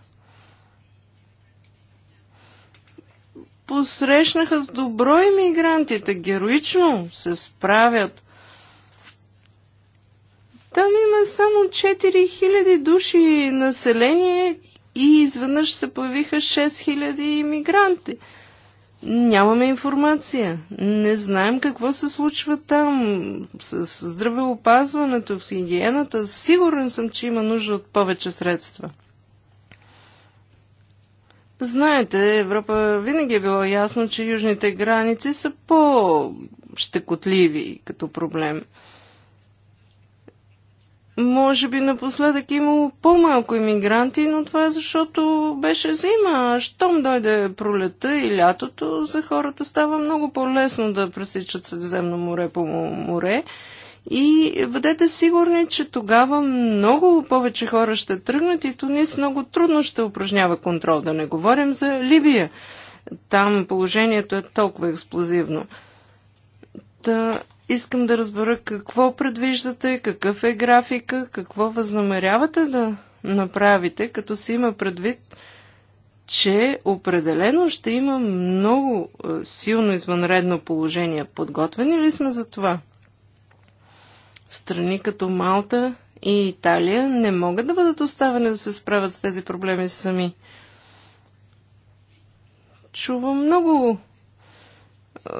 посрещнаха с добро иммигрантите, героично се справят. Там има само 4000 души население и изведнъж се появиха 6000 иммигранти – Нямаме информация. Не знаем какво се случва там с здравеопазването, с хигиената. Сигурен съм, че има нужда от повече средства. Знаете, Европа винаги е било ясно, че южните граници са по-щекотливи като проблем. Може би напоследък имало по-малко иммигранти, но това е защото беше зима. щом дойде пролета и лятото, за хората става много по-лесно да пресичат Средиземно море по море. И бъдете сигурни, че тогава много повече хора ще тръгнат и Тунис много трудно ще упражнява контрол. Да не говорим за Либия. Там положението е толкова експлозивно. Та, Искам да разбера какво предвиждате, какъв е графика, какво възнамерявате да направите, като се има предвид, че определено ще има много е, силно извънредно положение. Подготвени ли сме за това? Страни като Малта и Италия не могат да бъдат оставени да се справят с тези проблеми сами. Чувам много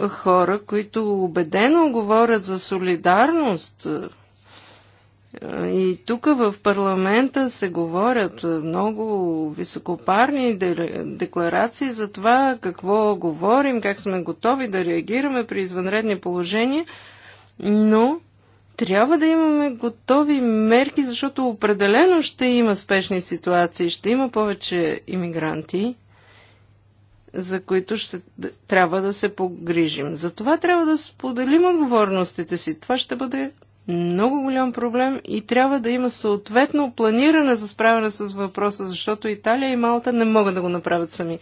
хора, които убедено говорят за солидарност. Е, и тук в парламента се говорят много високопарни декларации за това какво говорим, как сме готови да реагираме при извънредни положения, но трябва да имаме готови мерки, защото определено ще има спешни ситуации, ще има повече иммигранти, за които ще трябва да се погрижим. За това трябва да споделим отговорностите си. Това ще бъде много голям проблем и трябва да има съответно планиране за справяне с въпроса, защото Италия и Малта не могат да го направят сами.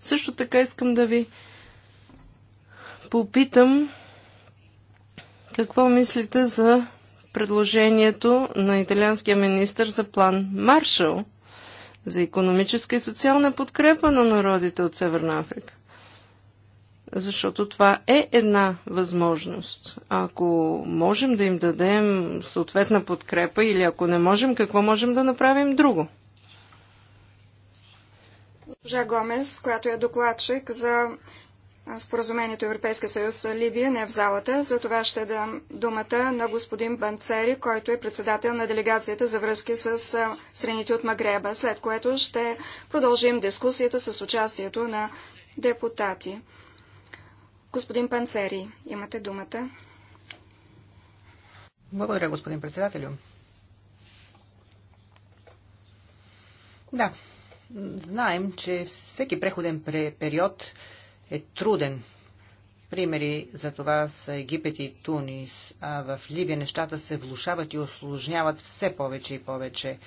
Също така искам да ви попитам какво мислите за предложението на италианския министр за план Маршал – за економическа и социална подкрепа на народите от Северна Африка. Защото това е една възможност. Ако можем да им дадем съответна подкрепа или ако не можем, какво можем да направим друго? Госпожа Гомес, която е докладчик за споразумението Европейска съюз Либия не е в залата. За това ще дам думата на господин Банцери, който е председател на делегацията за връзки с страните от Магреба, след което ще продължим дискусията с участието на депутати. Господин Панцери, имате думата. Благодаря, господин председателю. Да, знаем, че всеки преходен период е труден. Примери за това са Египет и Тунис, а в Либия нещата се влушават и осложняват все повече и повече.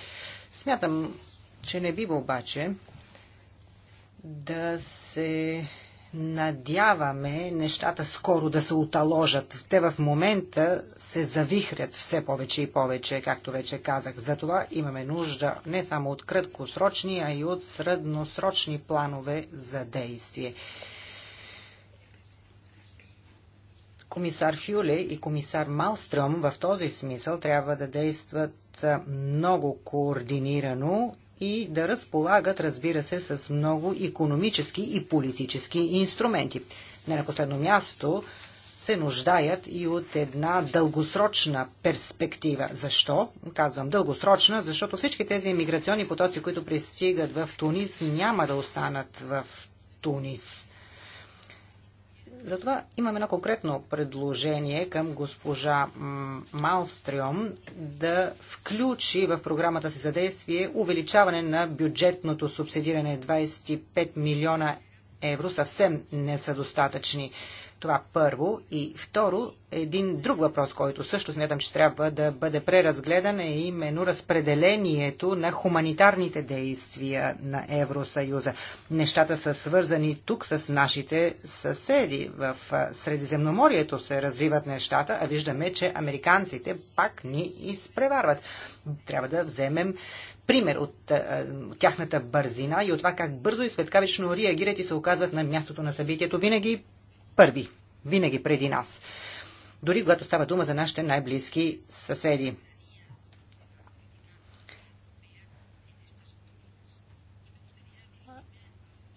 Смятам, че не бива обаче да се надяваме нещата скоро да се оталожат. Те в момента се завихрят все повече и повече, както вече казах. Затова имаме нужда не само от краткосрочни, а и от средносрочни планове за действие. комисар Фюле и комисар Малстром в този смисъл трябва да действат много координирано и да разполагат, разбира се, с много економически и политически инструменти. Не на последно място се нуждаят и от една дългосрочна перспектива. Защо? Казвам дългосрочна, защото всички тези миграционни потоци, които пристигат в Тунис, няма да останат в Тунис. Затова имам едно конкретно предложение към госпожа Малстриом да включи в програмата си за действие увеличаване на бюджетното субсидиране 25 милиона евро съвсем не са достатъчни. Това първо. И второ, един друг въпрос, който също смятам, че трябва да бъде преразгледан е именно разпределението на хуманитарните действия на Евросъюза. Нещата са свързани тук с нашите съседи. В Средиземноморието се развиват нещата, а виждаме, че американците пак ни изпреварват. Трябва да вземем пример от а, тяхната бързина и от това как бързо и светкавично реагират и се оказват на мястото на събитието. Винаги първи, винаги преди нас. Дори когато става дума за нашите най-близки съседи.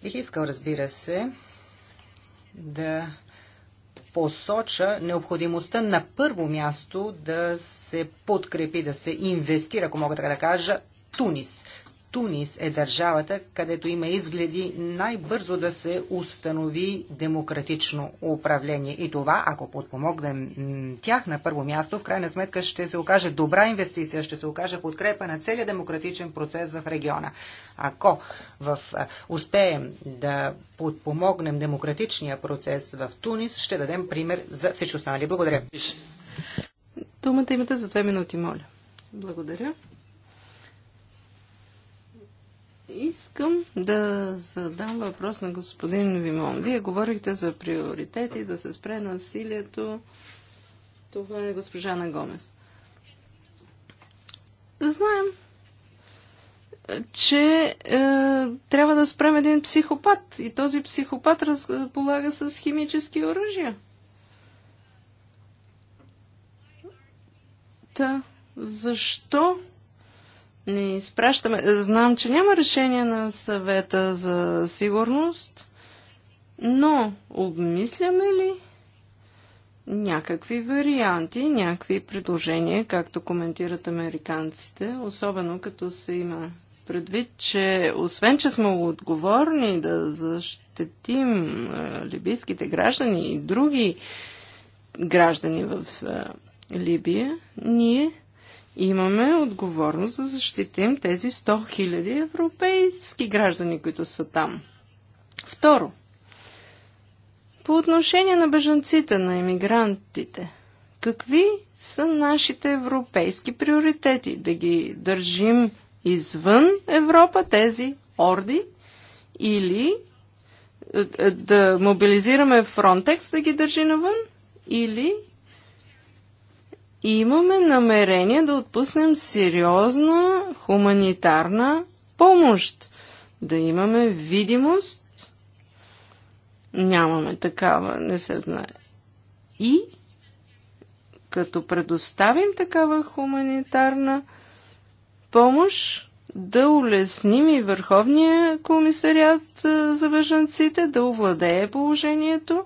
Бих искал, разбира се, да посоча необходимостта на първо място да се подкрепи, да се инвестира, ако мога така да кажа, Тунис. Тунис е държавата, където има изгледи най-бързо да се установи демократично управление. И това, ако подпомогнем тях на първо място, в крайна сметка ще се окаже добра инвестиция, ще се окаже подкрепа на целият демократичен процес в региона. Ако в, успеем да подпомогнем демократичния процес в Тунис, ще дадем пример за всички останали. Благодаря. Думата имате за две минути, моля. Благодаря. Искам да задам въпрос на господин Вимон. Вие говорихте за приоритети, да се спре насилието. Това е госпожа Нагомес. Гомес. Знаем, че е, трябва да спрем един психопат. И този психопат разполага с химически оръжия. Та, защо не изпращаме. Знам, че няма решение на съвета за сигурност, но обмисляме ли някакви варианти, някакви предложения, както коментират американците, особено като се има предвид, че освен, че сме отговорни да защитим либийските граждани и други граждани в Либия, ние имаме отговорност да защитим тези 100 000 европейски граждани, които са там. Второ, по отношение на бежанците, на иммигрантите, какви са нашите европейски приоритети? Да ги държим извън Европа тези орди или е, е, да мобилизираме Фронтекс да ги държи навън или и имаме намерение да отпуснем сериозна хуманитарна помощ. Да имаме видимост. Нямаме такава, не се знае. И като предоставим такава хуманитарна помощ, да улесним и Върховния комисариат за бежанците да овладее положението,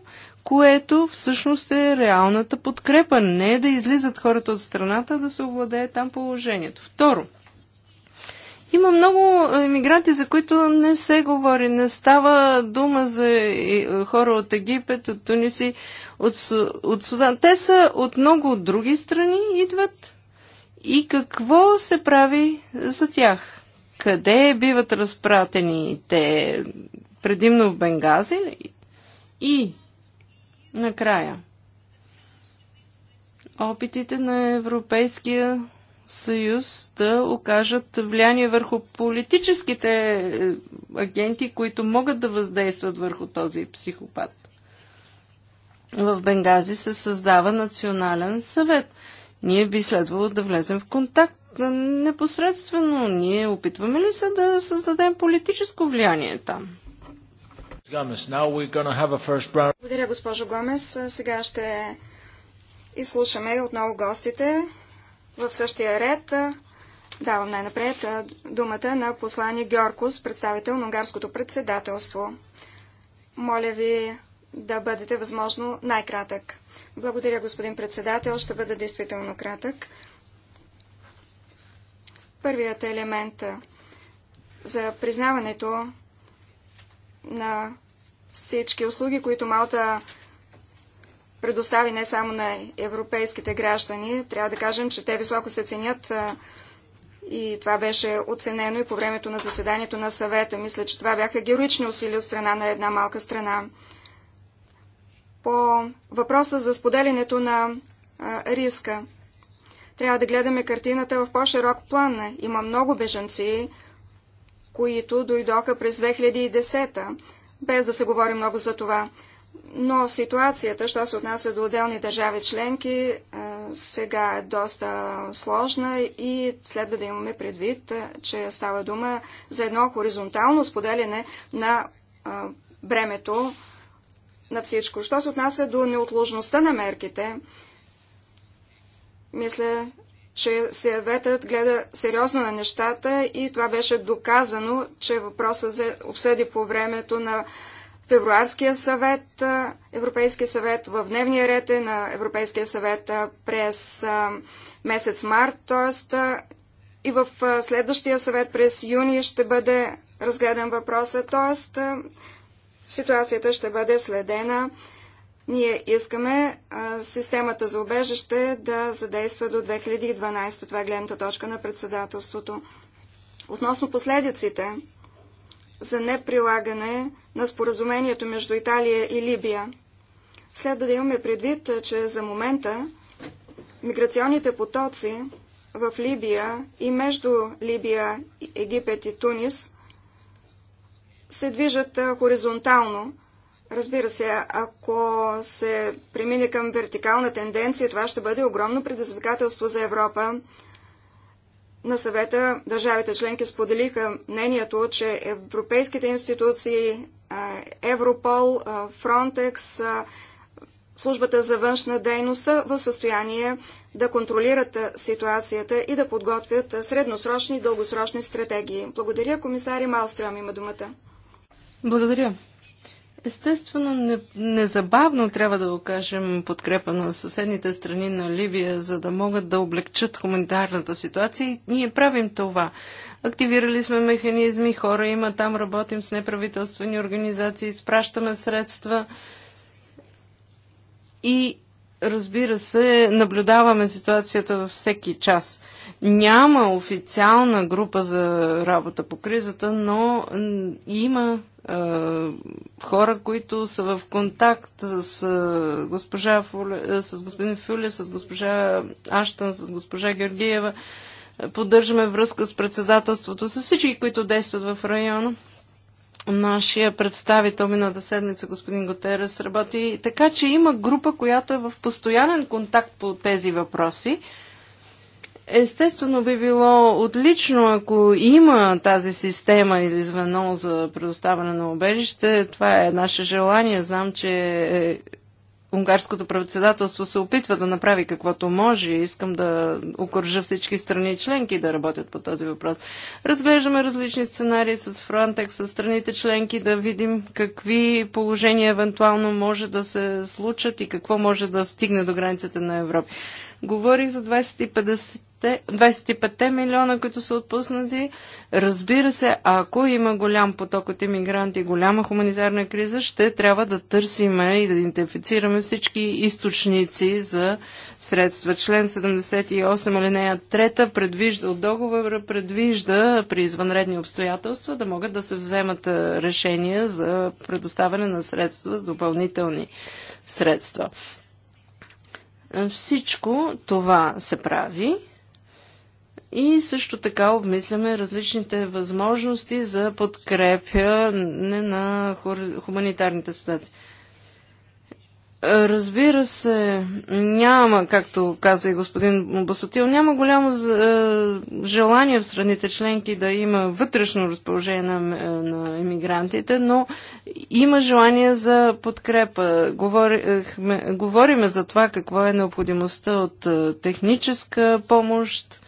което всъщност е реалната подкрепа. Не е да излизат хората от страната, да се овладее там положението. Второ, има много е, иммигранти, за които не се говори. Не става дума за е, е, хора от Египет, от Туниси, от, от Судан. Те са от много от други страни, идват. И какво се прави за тях? Къде биват разпратени те? Предимно в Бенгази? И Накрая. Опитите на Европейския съюз да окажат влияние върху политическите е, агенти, които могат да въздействат върху този психопат. В Бенгази се създава национален съвет. Ние би следвало да влезем в контакт непосредствено. Ние опитваме ли се да създадем политическо влияние там? Благодаря, госпожо Гомес. Сега ще изслушаме отново гостите в същия ред. Давам най-напред думата на послани Георгус, представител на унгарското председателство. Моля ви да бъдете възможно най-кратък. Благодаря, господин председател. Ще бъда действително кратък. Първият елемент за признаването на всички услуги, които Малта предостави не само на европейските граждани. Трябва да кажем, че те високо се ценят и това беше оценено и по времето на заседанието на съвета. Мисля, че това бяха героични усилия от страна на една малка страна. По въпроса за споделянето на а, риска. Трябва да гледаме картината в по-широк план. Има много бежанци, които дойдоха през 2010 без да се говори много за това. Но ситуацията, що се отнася до отделни държави членки, е, сега е доста сложна и следва да имаме предвид, е, че става дума за едно хоризонтално споделяне на е, бремето на всичко. Що се отнася до неотложността на мерките, мисля, че съветът гледа сериозно на нещата и това беше доказано, че въпроса се обсъди по времето на февруарския съвет, Европейския съвет в дневния ред е на Европейския съвет през месец март, т.е. и в следващия съвет през юни ще бъде разгледан въпроса, т.е. ситуацията ще бъде следена ние искаме системата за обежище да задейства до 2012. Това е гледната точка на председателството. Относно последиците за неприлагане на споразумението между Италия и Либия, следва да имаме предвид, че за момента миграционните потоци в Либия и между Либия, Египет и Тунис се движат хоризонтално – Разбира се, ако се премине към вертикална тенденция, това ще бъде огромно предизвикателство за Европа. На съвета държавите членки споделиха мнението, че европейските институции, Европол, Фронтекс, службата за външна дейност са в състояние да контролират ситуацията и да подготвят средносрочни и дългосрочни стратегии. Благодаря, комисари Малстрем има думата. Благодаря. Естествено, не, незабавно трябва да окажем подкрепа на съседните страни на Ливия, за да могат да облегчат хуманитарната ситуация и ние правим това. Активирали сме механизми, хора има там, работим с неправителствени организации, изпращаме средства и разбира се, наблюдаваме ситуацията във всеки час. Няма официална група за работа по кризата, но има хора, които са в контакт с, госпожа Фуле, с господин Фюле, с госпожа Аштан, с госпожа Георгиева. Поддържаме връзка с председателството, с всички, които действат в района. Нашия представител миналата седмица, господин Готерес, работи така, че има група, която е в постоянен контакт по тези въпроси. Естествено би било отлично, ако има тази система или звено за предоставяне на обежище. Това е наше желание. Знам, че е, унгарското председателство се опитва да направи каквото може. Искам да окоръжа всички страни членки да работят по този въпрос. Разглеждаме различни сценарии с Фронтекс, с страните членки, да видим какви положения евентуално може да се случат и какво може да стигне до границата на Европа. Говорих за 2050 25 милиона, които са отпуснати. Разбира се, ако има голям поток от иммигранти, голяма хуманитарна криза, ще трябва да търсиме и да идентифицираме всички източници за средства. Член 78 алинея 3 предвижда от договора, предвижда при извънредни обстоятелства да могат да се вземат решения за предоставяне на средства, допълнителни средства. Всичко това се прави. И също така обмисляме различните възможности за подкрепяне на хуманитарните ситуации. Разбира се, няма, както каза и господин Басотил, няма голямо е, желание в страните членки да има вътрешно разположение на, е, на емигрантите, но има желание за подкрепа. Говорихме, е, говориме за това какво е необходимостта от техническа помощ,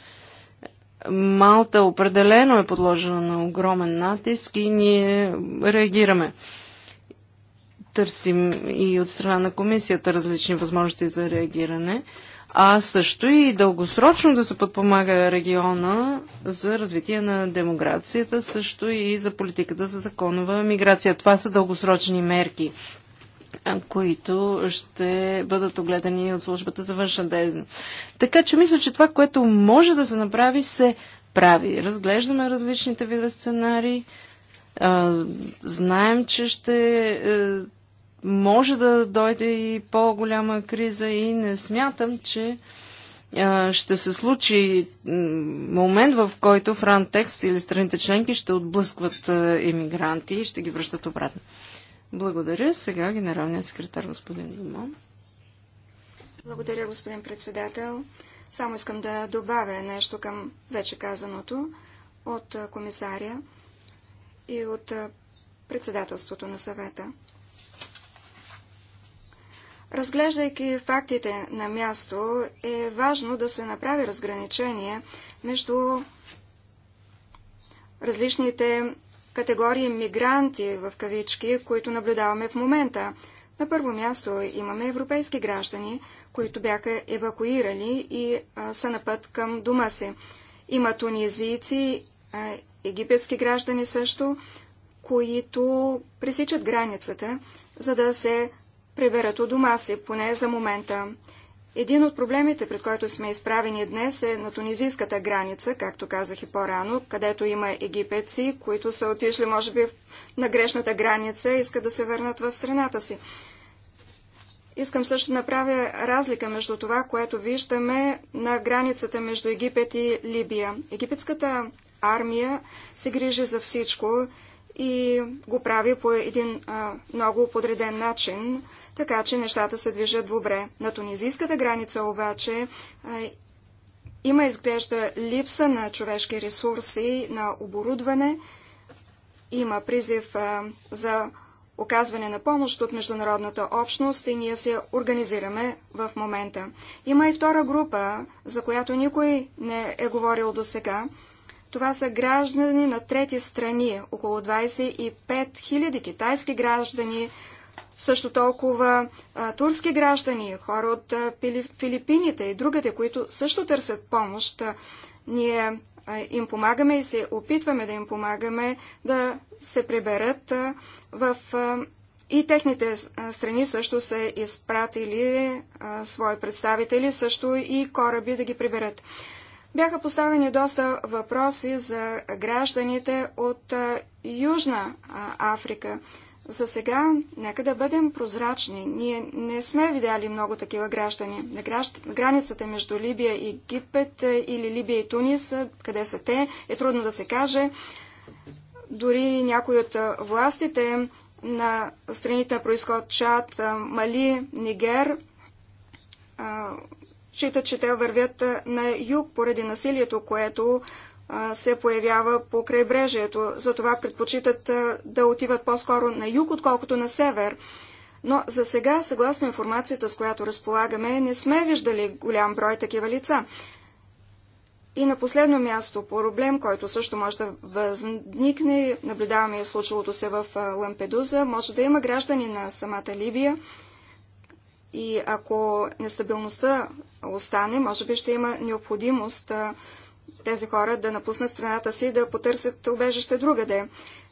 Малта определено е подложена на огромен натиск и ние реагираме. Търсим и от страна на комисията различни възможности за реагиране, а също и дългосрочно да се подпомага региона за развитие на демокрацията, също и за политиката за законова миграция. Това са дългосрочни мерки които ще бъдат огледани от службата за външна дейност. Така че мисля, че това, което може да се направи, се прави. Разглеждаме различните вида сценарии, знаем, че ще е, може да дойде и по-голяма криза и не смятам, че ще се случи момент, в който Франтекс или страните членки ще отблъскват е, иммигранти и ще ги връщат обратно. Благодаря. Сега генералният секретар господин Думон. Благодаря, господин председател. Само искам да добавя нещо към вече казаното от комисаря и от председателството на съвета. Разглеждайки фактите на място, е важно да се направи разграничение между различните категории мигранти в кавички, които наблюдаваме в момента. На първо място имаме европейски граждани, които бяха евакуирани и а, са на път към дома си. Има тунизийци, а, египетски граждани също, които пресичат границата, за да се приберат у дома си, поне за момента. Един от проблемите, пред който сме изправени днес е на тунизийската граница, както казах и по-рано, където има египетци, които са отишли, може би, на грешната граница и искат да се върнат в страната си. Искам също да направя разлика между това, което виждаме на границата между Египет и Либия. Египетската армия се грижи за всичко и го прави по един а, много подреден начин, така че нещата се движат добре. На тунизийската граница обаче а, има изглежда липса на човешки ресурси, на оборудване. Има призив а, за оказване на помощ от международната общност и ние се организираме в момента. Има и втора група, за която никой не е говорил до сега. Това са граждани на трети страни. Около 25 000 китайски граждани, също толкова а, турски граждани, хора от а, Филипините и другите, които също търсят помощ. Ние а, им помагаме и се опитваме да им помагаме да се приберат а, в. А, и техните страни също са изпратили а, свои представители, също и кораби да ги приберат. Бяха поставени доста въпроси за гражданите от Южна Африка. За сега нека да бъдем прозрачни. Ние не сме видяли много такива граждани. На границата между Либия и Египет или Либия и Тунис, къде са те, е трудно да се каже. Дори някои от властите на страните на происход Чад, Мали, Нигер, считат, че те вървят на юг поради насилието, което се появява по крайбрежието. Затова предпочитат да отиват по-скоро на юг, отколкото на север. Но за сега, съгласно информацията, с която разполагаме, не сме виждали голям брой такива лица. И на последно място, проблем, който също може да възникне, наблюдаваме случилото се в Лампедуза, може да има граждани на самата Либия, и ако нестабилността остане, може би ще има необходимост тези хора да напуснат страната си и да потърсят убежище другаде.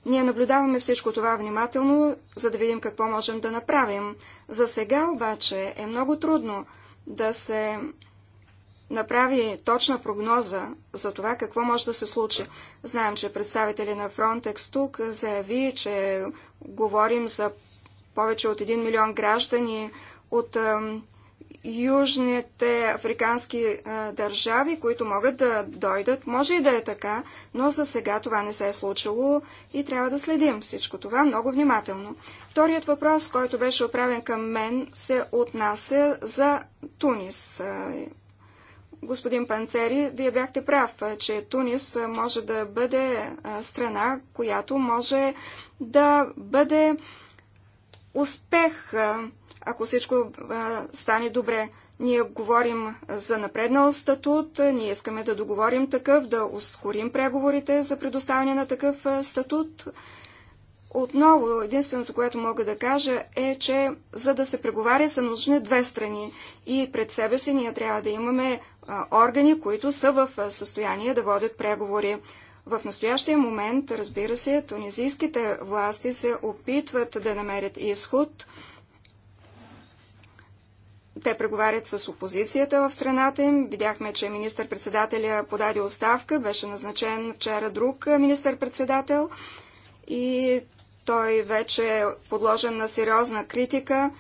Ние наблюдаваме всичко това внимателно, за да видим какво можем да направим. За сега обаче е много трудно да се направи точна прогноза за това какво може да се случи. Знаем, че представители на Frontex тук заяви, че говорим за повече от 1 милион граждани, от южните африкански държави, които могат да дойдат. Може и да е така, но за сега това не се е случило и трябва да следим всичко това много внимателно. Вторият въпрос, който беше отправен към мен, се отнася за Тунис. Господин Панцери, вие бяхте прав, че Тунис може да бъде страна, която може да бъде успех, ако всичко стане добре. Ние говорим за напреднал статут, ние искаме да договорим такъв, да ускорим преговорите за предоставяне на такъв статут. Отново, единственото, което мога да кажа е, че за да се преговаря са нужни две страни и пред себе си ние трябва да имаме органи, които са в състояние да водят преговори. В настоящия момент, разбира се, тунизийските власти се опитват да намерят изход. Те преговарят с опозицията в страната им. Видяхме, че министър-председателя подаде оставка, беше назначен вчера друг министър-председател и той вече е подложен на сериозна критика.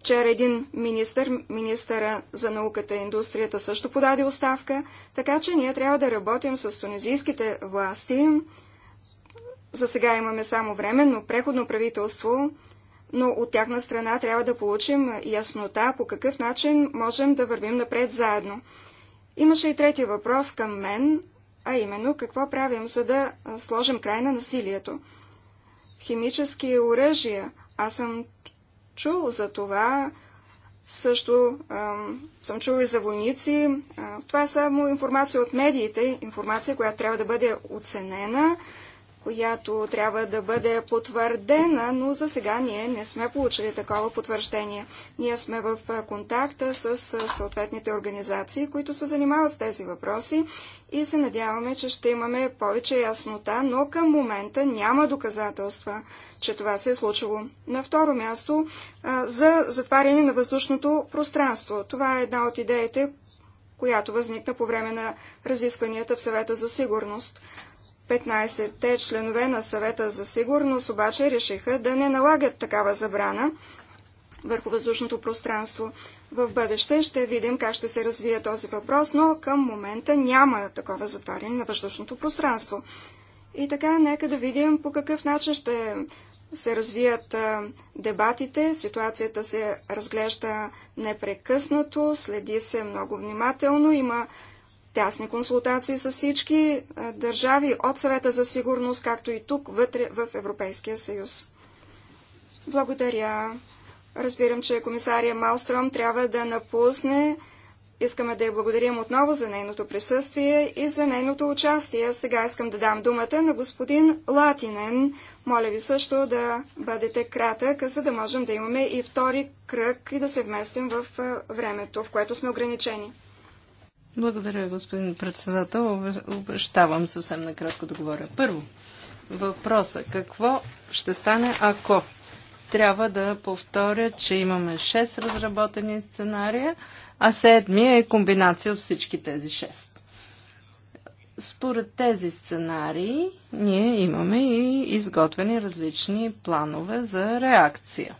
Вчера един министър, министъра за науката и индустрията също подаде оставка, така че ние трябва да работим с тунизийските власти. За сега имаме само временно преходно правителство, но от тяхна страна трябва да получим яснота по какъв начин можем да вървим напред заедно. Имаше и трети въпрос към мен, а именно какво правим, за да сложим край на насилието. Химически оръжия. Аз съм чул за това. Също а, съм чул и за войници. А, това е само информация от медиите, информация, която трябва да бъде оценена която трябва да бъде потвърдена, но за сега ние не сме получили такова потвърждение. Ние сме в контакта с съответните организации, които се занимават с тези въпроси и се надяваме, че ще имаме повече яснота, но към момента няма доказателства, че това се е случило. На второ място, за затваряне на въздушното пространство. Това е една от идеите, която възникна по време на разискванията в съвета за сигурност. 15-те членове на съвета за сигурност обаче решиха да не налагат такава забрана върху въздушното пространство. В бъдеще ще видим как ще се развие този въпрос, но към момента няма такова затваряне на въздушното пространство. И така, нека да видим по какъв начин ще се развият дебатите. Ситуацията се разглежда непрекъснато, следи се много внимателно, има тясни консултации с всички държави от съвета за сигурност, както и тук, вътре в Европейския съюз. Благодаря. Разбирам, че комисария Малстром трябва да напусне. Искаме да я благодарим отново за нейното присъствие и за нейното участие. Сега искам да дам думата на господин Латинен. Моля ви също да бъдете кратък, за да можем да имаме и втори кръг и да се вместим в времето, в което сме ограничени. Благодаря, господин председател. Обещавам съвсем накратко да говоря. Първо, въпроса. Какво ще стане, ако трябва да повторя, че имаме 6 разработени сценария, а седмия е комбинация от всички тези 6. Според тези сценарии ние имаме и изготвени различни планове за реакция.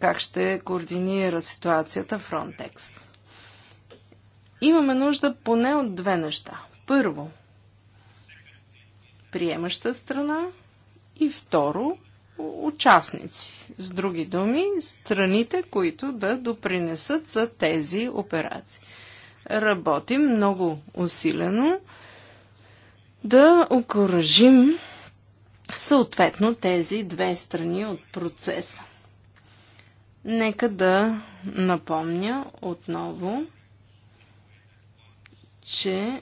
Как ще координира ситуацията Frontex? имаме нужда поне от две неща. Първо, приемаща страна и второ, участници. С други думи, страните, които да допринесат за тези операции. Работим много усилено да окоръжим съответно тези две страни от процеса. Нека да напомня отново, че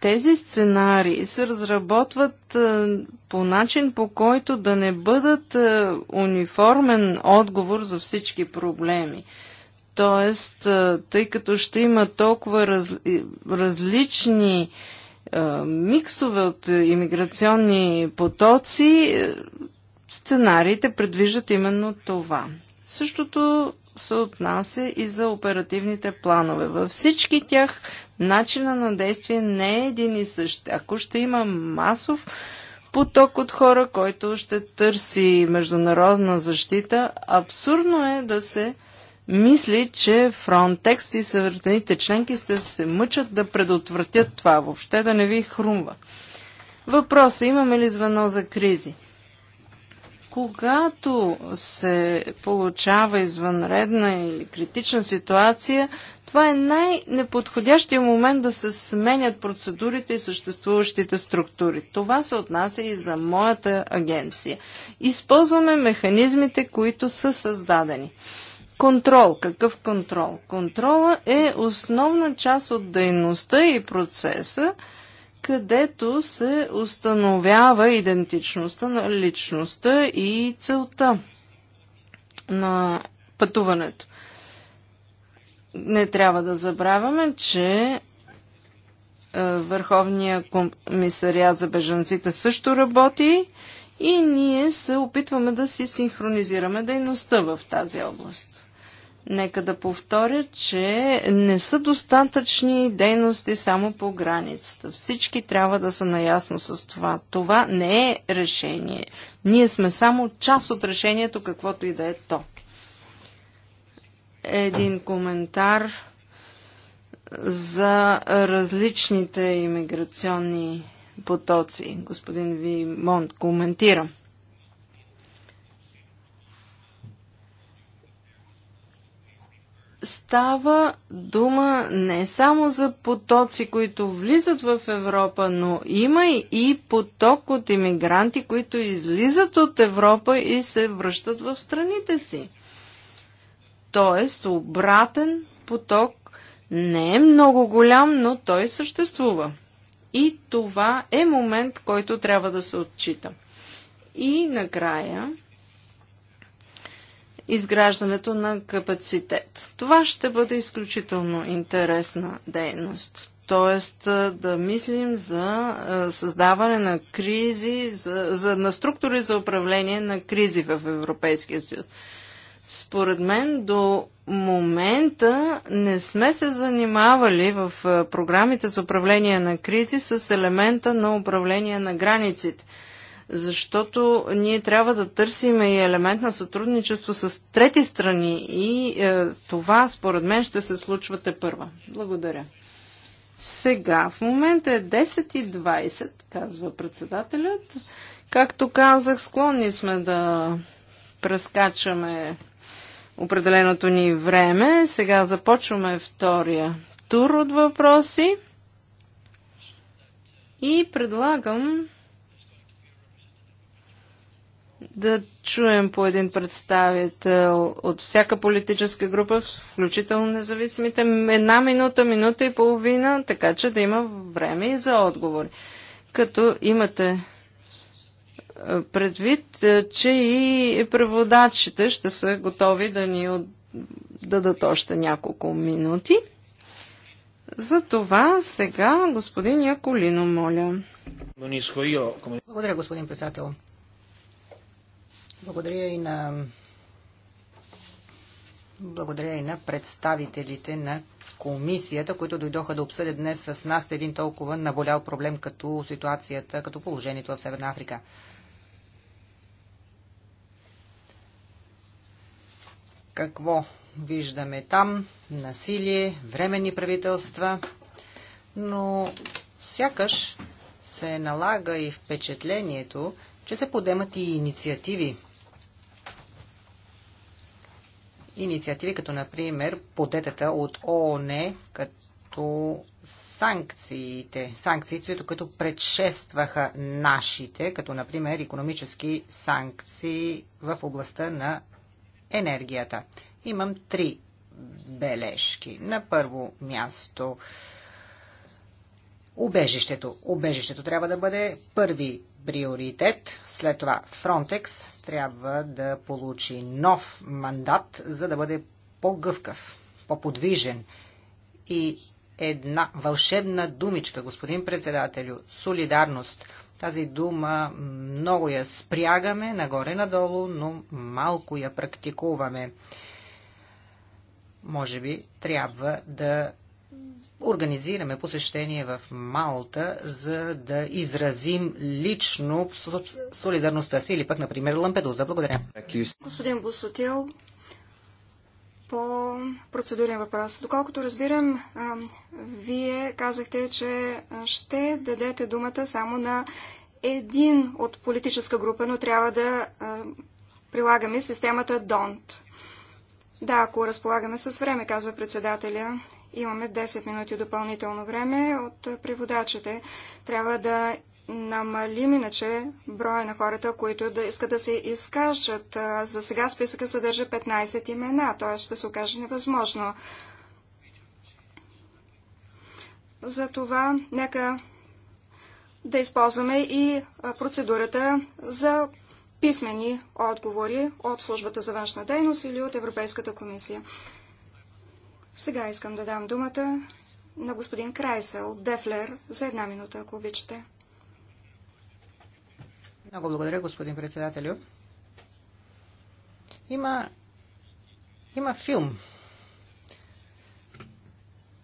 тези сценарии се разработват е, по начин, по който да не бъдат е, униформен отговор за всички проблеми. Тоест, е, тъй като ще има толкова раз, различни миксове от иммиграционни потоци, сценариите предвиждат именно това. Същото се отнася и за оперативните планове. Във всички тях начина на действие не е един и същ. Ако ще има масов поток от хора, който ще търси международна защита, абсурдно е да се мисли, че Frontex и съвъртените членки ще се мъчат да предотвратят това. Въобще да не ви хрумва. Въпросът имаме ли звено за кризи? Когато се получава извънредна или критична ситуация, това е най-неподходящия момент да се сменят процедурите и съществуващите структури. Това се отнася и за моята агенция. Използваме механизмите, които са създадени. Контрол. Какъв контрол? Контрола е основна част от дейността и процеса, където се установява идентичността на личността и целта на пътуването. Не трябва да забравяме, че е, Върховния комисариат за бежанците също работи и ние се опитваме да си синхронизираме дейността в тази област. Нека да повторя, че не са достатъчни дейности само по границата. Всички трябва да са наясно с това. Това не е решение. Ние сме само част от решението, каквото и да е то. Един коментар за различните иммиграционни потоци. Господин Вимонт коментира. става дума не само за потоци, които влизат в Европа, но има и поток от иммигранти, които излизат от Европа и се връщат в страните си. Тоест, обратен поток не е много голям, но той съществува. И това е момент, който трябва да се отчита. И накрая, изграждането на капацитет. Това ще бъде изключително интересна дейност. Тоест да мислим за създаване на кризи, за, за, на структури за управление на кризи в Европейския съюз. Според мен до момента не сме се занимавали в програмите за управление на кризи с елемента на управление на границите – защото ние трябва да търсим и елемент на сътрудничество с трети страни и е, това според мен ще се случвате първа. Благодаря. Сега, в момента е 10.20, казва председателят. Както казах, склонни сме да прескачаме определеното ни време. Сега започваме втория тур от въпроси. И предлагам да чуем по един представител от всяка политическа група, включително независимите, една минута, минута и половина, така че да има време и за отговори. Като имате е, предвид, е, че и преводачите ще са готови да ни дадат още няколко минути. За това сега господин Яколино, моля. Благодаря, господин председател. Благодаря и на благодаря и на представителите на комисията, които дойдоха да обсъдят днес с нас един толкова наболял проблем като ситуацията, като положението в Северна Африка. Какво виждаме там? Насилие, временни правителства, но сякаш се налага и впечатлението, че се подемат и инициативи инициативи, като например подетата от ООН, като санкциите, санкциите, които предшестваха нашите, като например економически санкции в областта на енергията. Имам три бележки. На първо място убежището. Убежището трябва да бъде първи приоритет, след това Фронтекс трябва да получи нов мандат, за да бъде по-гъвкав, по-подвижен. И една вълшебна думичка, господин председателю, солидарност. Тази дума много я спрягаме нагоре-надолу, но малко я практикуваме. Може би трябва да организираме посещение в Малта, за да изразим лично солидарността си или пък, например, Лампедуза. Благодаря. Господин Босотил, по процедурен въпрос. Доколкото разбирам, вие казахте, че ще дадете думата само на един от политическа група, но трябва да прилагаме системата ДОНТ. Да, ако разполагаме с време, казва председателя. Имаме 10 минути допълнително време от преводачите. Трябва да намалим иначе броя на хората, които да искат да се изкажат. За сега списъка съдържа 15 имена, т.е. ще се окаже невъзможно. Затова нека да използваме и процедурата за писмени отговори от Службата за външна дейност или от Европейската комисия. Сега искам да дам думата на господин Крайсел Дефлер за една минута, ако обичате. Много благодаря, господин председателю. Има, има филм.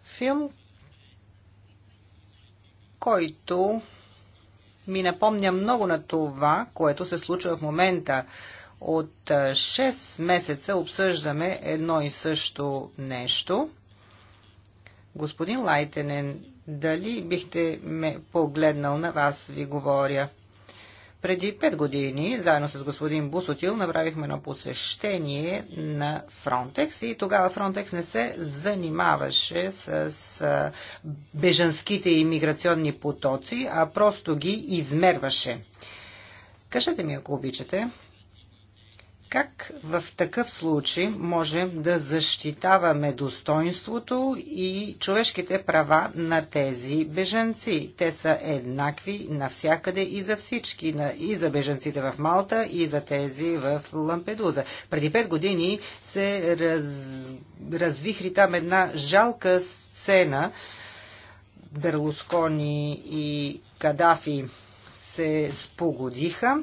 Филм, който ми напомня много на това, което се случва в момента от 6 месеца обсъждаме едно и също нещо. Господин Лайтенен, дали бихте ме погледнал на вас, ви говоря? Преди 5 години, заедно с господин Бусотил, направихме едно посещение на Фронтекс и тогава Фронтекс не се занимаваше с, бежанските иммиграционни потоци, а просто ги измерваше. Кажете ми, ако обичате, как в такъв случай можем да защитаваме достоинството и човешките права на тези беженци? Те са еднакви навсякъде и за всички, и за беженците в Малта, и за тези в Лампедуза. Преди пет години се раз... развихри там една жалка сцена. Берлускони и Кадафи се спогодиха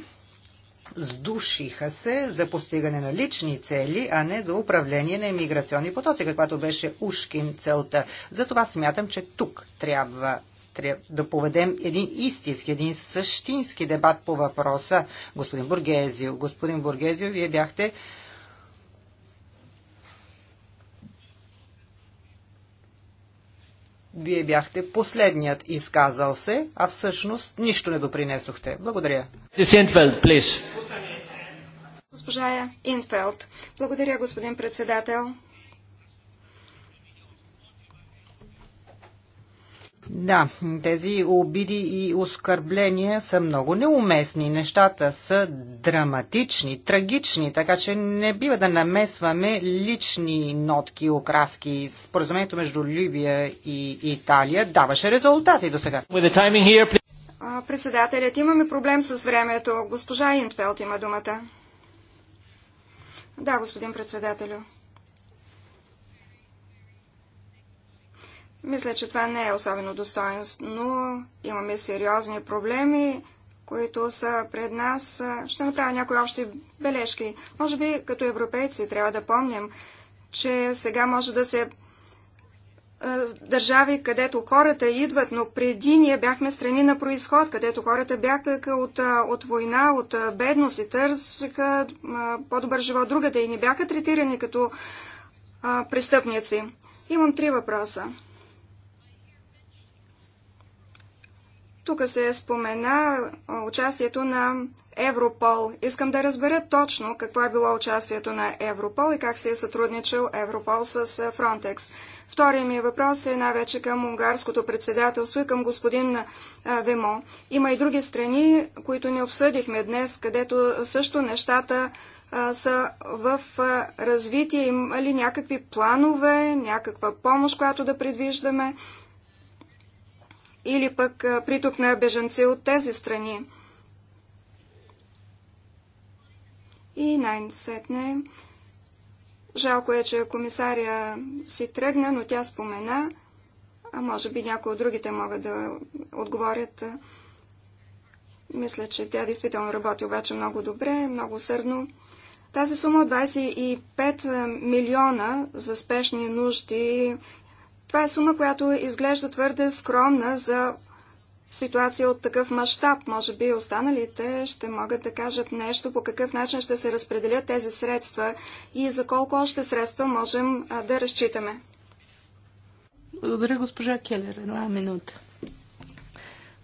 сдушиха се за постигане на лични цели, а не за управление на иммиграционни потоци, каквато беше Ушкин целта. Затова смятам, че тук трябва да поведем един истински, един същински дебат по въпроса. Господин Бургезио, господин Бургезио, вие бяхте Вие бяхте последният изказал се, а всъщност нищо не допринесохте. Благодаря. Госпожа Инфелд, благодаря господин председател. Да, тези обиди и оскърбления са много неуместни. Нещата са драматични, трагични, така че не бива да намесваме лични нотки, окраски. Споразумението между Либия и Италия даваше резултати до сега. Председателят, имаме проблем с времето. Госпожа Интфелд има думата. Да, господин председателю. Мисля, че това не е особено но Имаме сериозни проблеми, които са пред нас. Ще направя някои общи бележки. Може би като европейци трябва да помним, че сега може да се е, държави, където хората идват, но преди ние бяхме страни на происход, където хората бяха от, е, от война, от е, бедност и търсиха по-добър живот другата и не бяха третирани като а, престъпници. Имам три въпроса. Тук се спомена участието на Европол. Искам да разбера точно какво е било участието на Европол и как се е сътрудничал Европол с Фронтекс. Втория ми въпрос е най-вече към унгарското председателство и към господин Вемо. Има и други страни, които не обсъдихме днес, където също нещата са в развитие. Има ли някакви планове, някаква помощ, която да предвиждаме? или пък приток на беженци от тези страни. И най-сетне, жалко е, че комисаря си тръгна, но тя спомена, а може би някои от другите могат да отговорят. Мисля, че тя действително работи обаче много добре, много усърдно. Тази сума от 25 милиона за спешни нужди това е сума, която изглежда твърде скромна за ситуация от такъв мащаб. Може би останалите ще могат да кажат нещо по какъв начин ще се разпределят тези средства и за колко още средства можем да разчитаме. Благодаря, госпожа Келер. Една минута.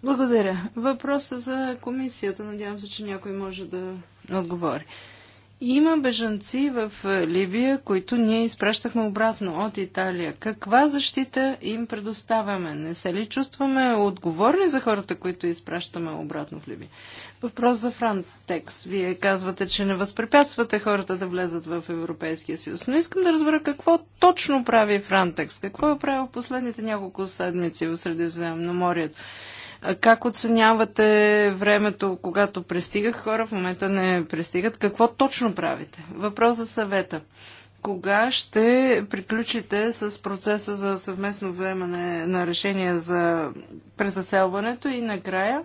Благодаря. Въпроса за комисията. Надявам се, че някой може да отговори. Има бежанци в е, Либия, които ние изпращахме обратно от Италия. Каква защита им предоставяме? Не се ли чувстваме отговорни за хората, които изпращаме обратно в Либия? Въпрос за Франтекс. Вие казвате, че не възпрепятствате хората да влезат в Европейския съюз. Но искам да разбера какво точно прави Франтекс. Какво е правил последните няколко седмици в Средиземноморието? Как оценявате времето, когато пристигах хора, в момента не пристигат? Какво точно правите? Въпрос за съвета. Кога ще приключите с процеса за съвместно вземане на решение за презаселването и накрая?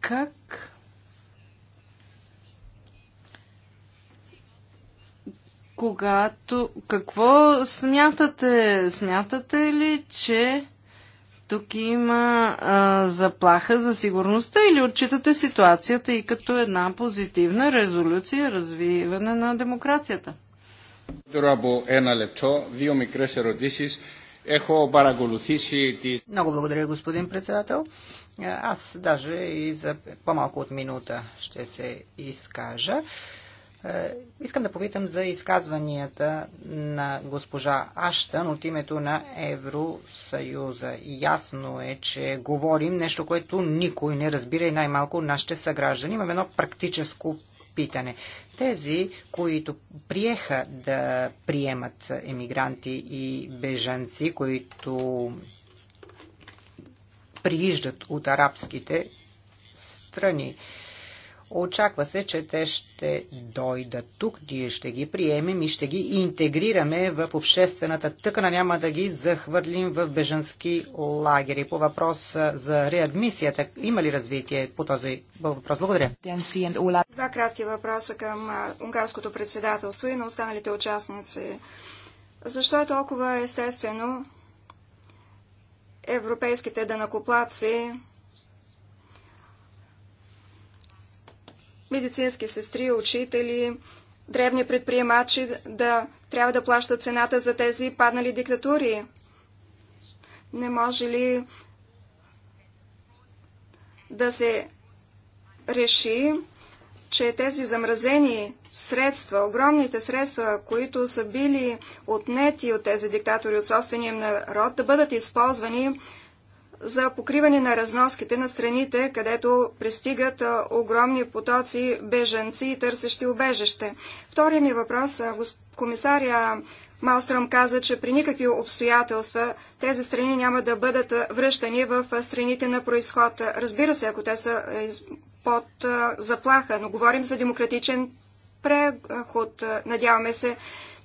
Как когато... Какво смятате? Смятате ли, че тук има а, заплаха за сигурността или отчитате ситуацията и като една позитивна резолюция развиване на демокрацията? Много благодаря, господин председател. Аз даже и за по-малко от минута ще се изкажа. Е, искам да попитам за изказванията на госпожа Аштън от името на Евросъюза. Ясно е, че говорим нещо, което никой не разбира и най-малко нашите съграждани. Имам едно практическо питане. Тези, които приеха да приемат емигранти и бежанци, които прииждат от арабските страни, Очаква се, че те ще дойдат тук, ние ще ги приемем и ще ги интегрираме в обществената тъкана, няма да ги захвърлим в бежански лагери. По въпрос за реадмисията, има ли развитие по този въпрос? Благодаря. Два кратки въпроса към унгарското председателство и на останалите участници. Защо е толкова естествено европейските данакоплаци медицински сестри, учители, древни предприемачи да трябва да плащат цената за тези паднали диктатури? Не може ли да се реши, че тези замразени средства, огромните средства, които са били отнети от тези диктатори от собствения народ, да бъдат използвани за покриване на разноските на страните, където пристигат огромни потоци беженци и търсещи убежище. Втория ми въпрос, комисаря Малстром каза, че при никакви обстоятелства тези страни няма да бъдат връщани в страните на происход. Разбира се, ако те са под заплаха, но говорим за демократичен преход. Надяваме се,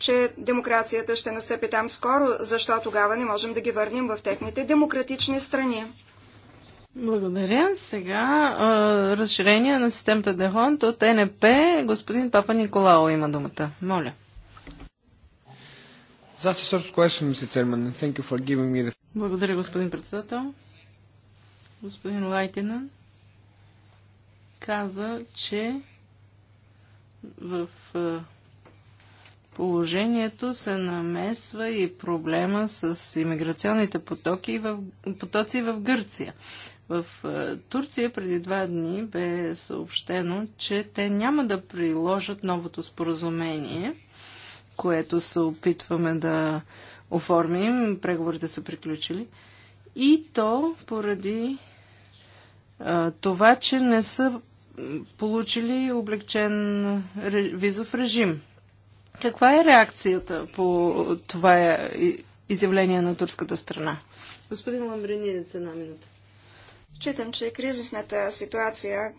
че демокрацията ще настъпи там скоро, защо тогава не можем да ги върнем в техните демократични страни. Благодаря. Сега а, разширение на системата Дехонт от НП. Господин Папа Николао има думата. Моля. Благодаря, господин председател. Господин Лайтинен каза, че в положението се намесва и проблема с иммиграционните потоки в, потоци в Гърция. В е, Турция преди два дни бе съобщено, че те няма да приложат новото споразумение, което се опитваме да оформим. Преговорите са приключили. И то поради а, е, това, че не са получили облегчен визов режим. Каква е реакцията по това е изявление на турската страна? Господин Ламбрининец, една минута. Читам, че е кризисната ситуация,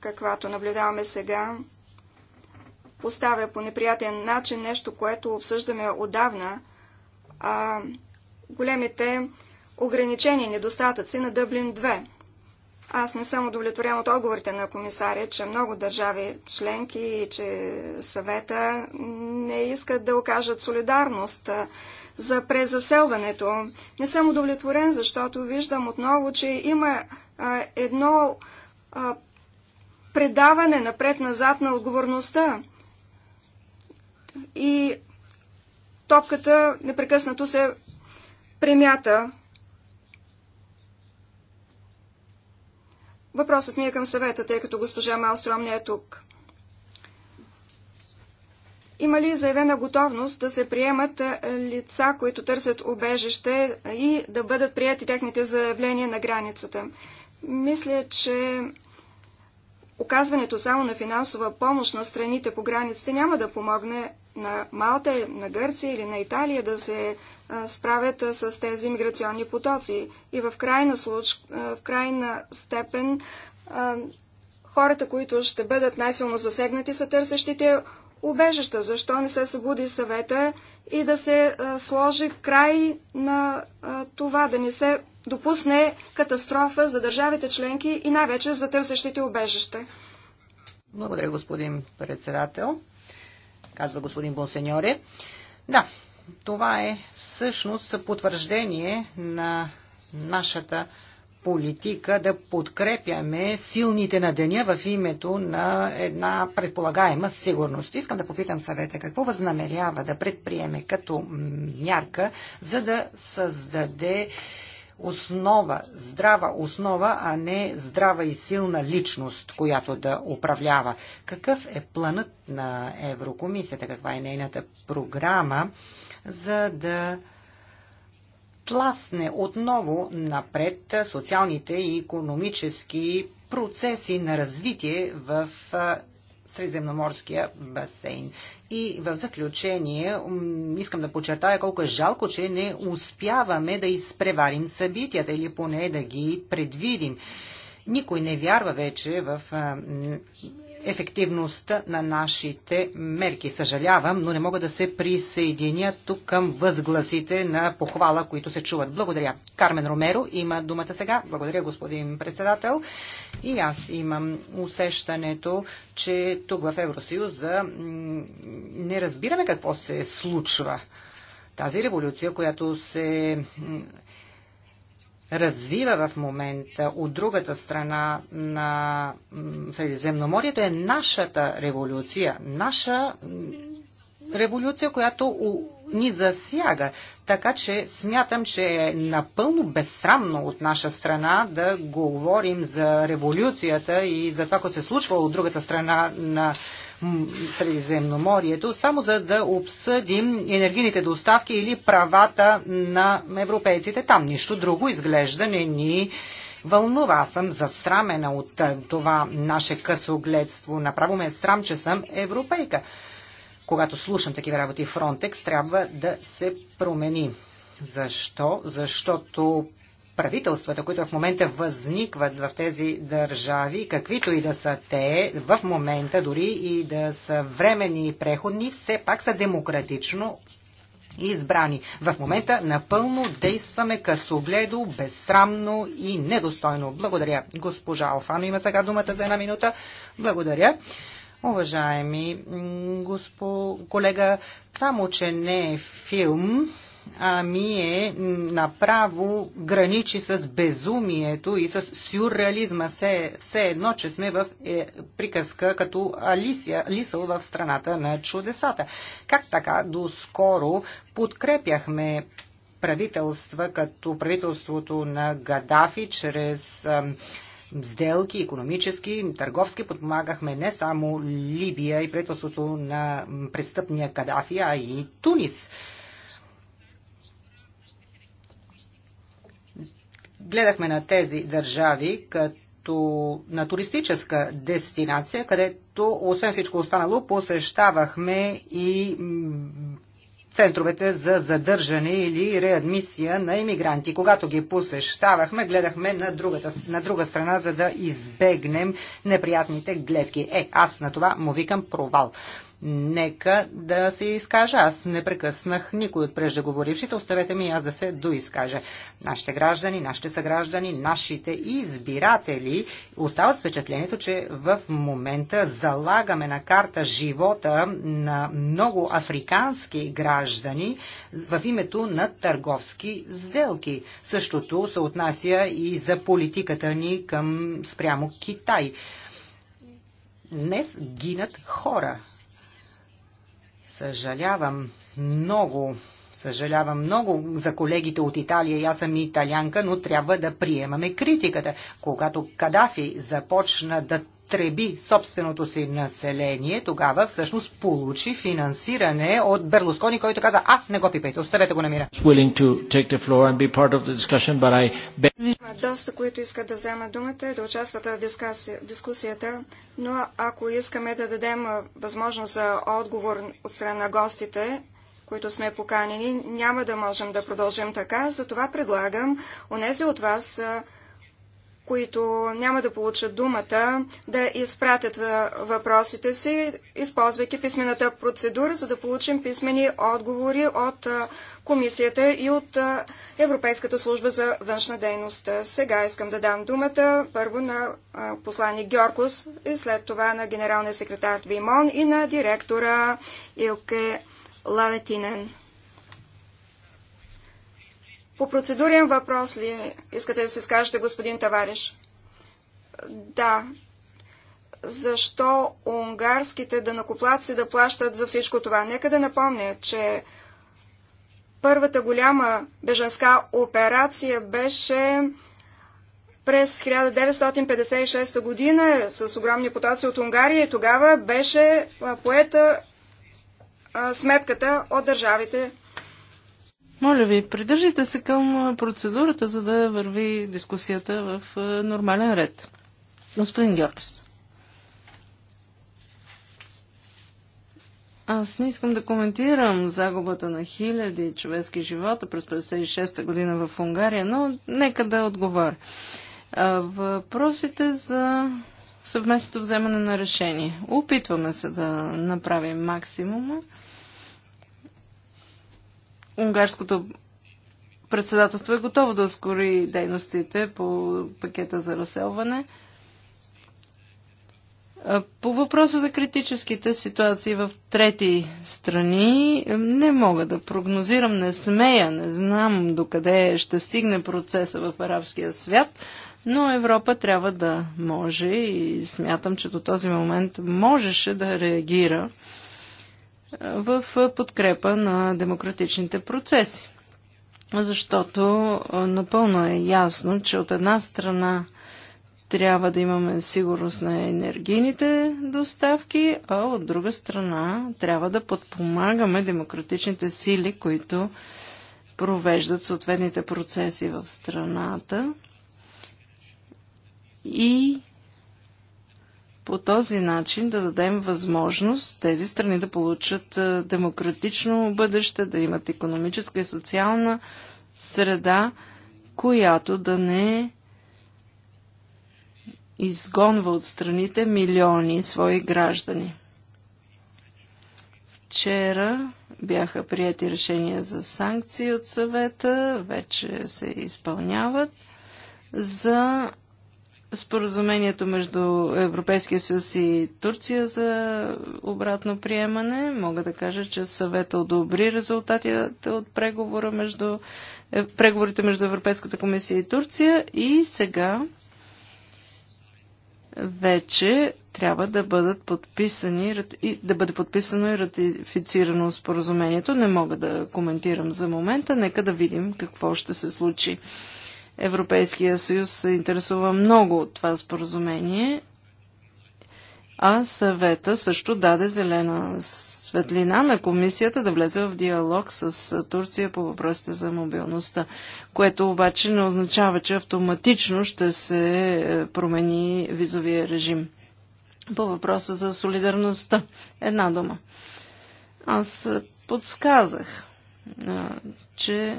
каквато наблюдаваме сега, поставя по неприятен начин нещо, което обсъждаме отдавна, а големите ограничени недостатъци на Дъблин аз не съм удовлетворен от отговорите на комисаря, че много държави членки и че съвета не искат да окажат солидарност за презаселването. Не съм удовлетворен, защото виждам отново, че има а, едно а, предаване напред-назад на отговорността. И топката непрекъснато се премята Въпросът ми е към съвета, тъй като госпожа Малстром не е тук. Има ли заявена готовност да се приемат лица, които търсят убежище и да бъдат прияти техните заявления на границата? Мисля, че оказването само на финансова помощ на страните по границите няма да помогне на Малта, на Гърция или на Италия да се справят с тези миграционни потоци. И в крайна, случ... в крайна степен хората, които ще бъдат най-силно засегнати, са търсещите убежища. Защо не се събуди съвета и да се сложи край на това, да не се допусне катастрофа за държавите членки и най-вече за търсещите убежище. Благодаря, господин председател казва господин Бонсеньоре. Да, това е всъщност потвърждение на нашата политика да подкрепяме силните на деня в името на една предполагаема сигурност. Искам да попитам съвета какво възнамерява да предприеме като мярка, за да създаде основа, здрава основа, а не здрава и силна личност, която да управлява. Какъв е планът на Еврокомисията? Каква е нейната програма, за да тласне отново напред социалните и економически процеси на развитие в Средиземноморския басейн. И в заключение искам да подчертая колко е жалко, че не успяваме да изпреварим събитията или поне да ги предвидим. Никой не вярва вече в ефективността на нашите мерки. Съжалявам, но не мога да се присъединя тук към възгласите на похвала, които се чуват. Благодаря. Кармен Ромеро има думата сега. Благодаря, господин председател. И аз имам усещането, че тук в Евросъюза не разбираме какво се случва. Тази революция, която се развива в момента от другата страна на Средиземноморието е нашата революция. Наша революция, която ни засяга. Така че смятам, че е напълно безсрамно от наша страна да говорим за революцията и за това, което се случва от другата страна на Средиземноморието, само за да обсъдим енергийните доставки или правата на европейците. Там нищо друго изглежда не ни вълнува. Аз съм засрамена от това наше късогледство. Направо ме е срам, че съм европейка. Когато слушам такива работи, Фронтекс трябва да се промени. Защо? Защото правителствата, които в момента възникват в тези държави, каквито и да са те, в момента дори и да са времени и преходни, все пак са демократично избрани. В момента напълно действаме късогледо, безсрамно и недостойно. Благодаря. Госпожа Алфано има сега думата за една минута. Благодаря. Уважаеми госпо... колега, само че не е филм, ами е направо граничи с безумието и с сюрреализма. Все, все едно, че сме в е, приказка като Алисия, Лисъл в страната на чудесата. Как така доскоро подкрепяхме правителства, като правителството на Гадафи, чрез е, сделки, економически, търговски подпомагахме не само Либия и правителството на престъпния Гадафи, а и Тунис. гледахме на тези държави като на туристическа дестинация, където освен всичко останало посещавахме и центровете за задържане или реадмисия на иммигранти. Когато ги посещавахме, гледахме на, другата, на друга страна, за да избегнем неприятните гледки. Е, аз на това му викам провал. Нека да се изкажа. Аз не прекъснах никой от преждеговорившите. Оставете ми аз да се доизкажа. Нашите граждани, нашите съграждани, нашите избиратели остават с впечатлението, че в момента залагаме на карта живота на много африкански граждани в името на търговски сделки. Същото се отнася и за политиката ни към спрямо Китай. Днес гинат хора Съжалявам много. Съжалявам много за колегите от Италия. Аз съм италянка, но трябва да приемаме критиката. Когато Кадафи започна да изтреби собственото си население, тогава всъщност получи финансиране от Берлускони, който каза, а, не го пипайте, оставете го на мира. Има Доста, които искат да вземат думата и да участват в дискусията, но ако искаме да дадем възможност за отговор от страна на гостите, които сме поканени, няма да можем да продължим така. Затова предлагам онези от вас, които няма да получат думата, да изпратят въпросите си, използвайки писмената процедура, за да получим писмени отговори от комисията и от Европейската служба за външна дейност. Сега искам да дам думата първо на послани Георгос и след това на генералния секретар Вимон и на директора Илке Лалетинен. По процедурен въпрос ли искате да се скажете, господин Тавариш? Да. Защо унгарските данакоплаци да плащат за всичко това? Нека да напомня, че първата голяма беженска операция беше през 1956 година с огромни потоци от Унгария и тогава беше поета сметката от държавите моля ви, придържайте се към процедурата, за да върви дискусията в нормален ред. Господин Георгис. Аз не искам да коментирам загубата на хиляди човешки живота през 56-та година в Унгария, но нека да отговоря. Въпросите за съвместното вземане на решение. Опитваме се да направим максимума унгарското председателство е готово да ускори дейностите по пакета за разселване. По въпроса за критическите ситуации в трети страни, не мога да прогнозирам, не смея, не знам докъде ще стигне процеса в арабския свят, но Европа трябва да може и смятам, че до този момент можеше да реагира в подкрепа на демократичните процеси. Защото напълно е ясно, че от една страна трябва да имаме сигурност на енергийните доставки, а от друга страна трябва да подпомагаме демократичните сили, които провеждат съответните процеси в страната и по този начин да дадем възможност тези страни да получат е, демократично бъдеще, да имат економическа и социална среда, която да не изгонва от страните милиони свои граждани. Вчера бяха прияти решения за санкции от съвета, вече се изпълняват за споразумението между Европейския съюз и Турция за обратно приемане. Мога да кажа, че съвета одобри резултатите от преговора между, е, преговорите между Европейската комисия и Турция и сега вече трябва да бъдат подписани, да бъде подписано и ратифицирано споразумението. Не мога да коментирам за момента. Нека да видим какво ще се случи. Европейския съюз се интересува много от това споразумение, а съвета също даде зелена светлина на комисията да влезе в диалог с Турция по въпросите за мобилността, което обаче не означава, че автоматично ще се е, промени визовия режим. По въпроса за солидарността. Една дума. Аз подсказах, че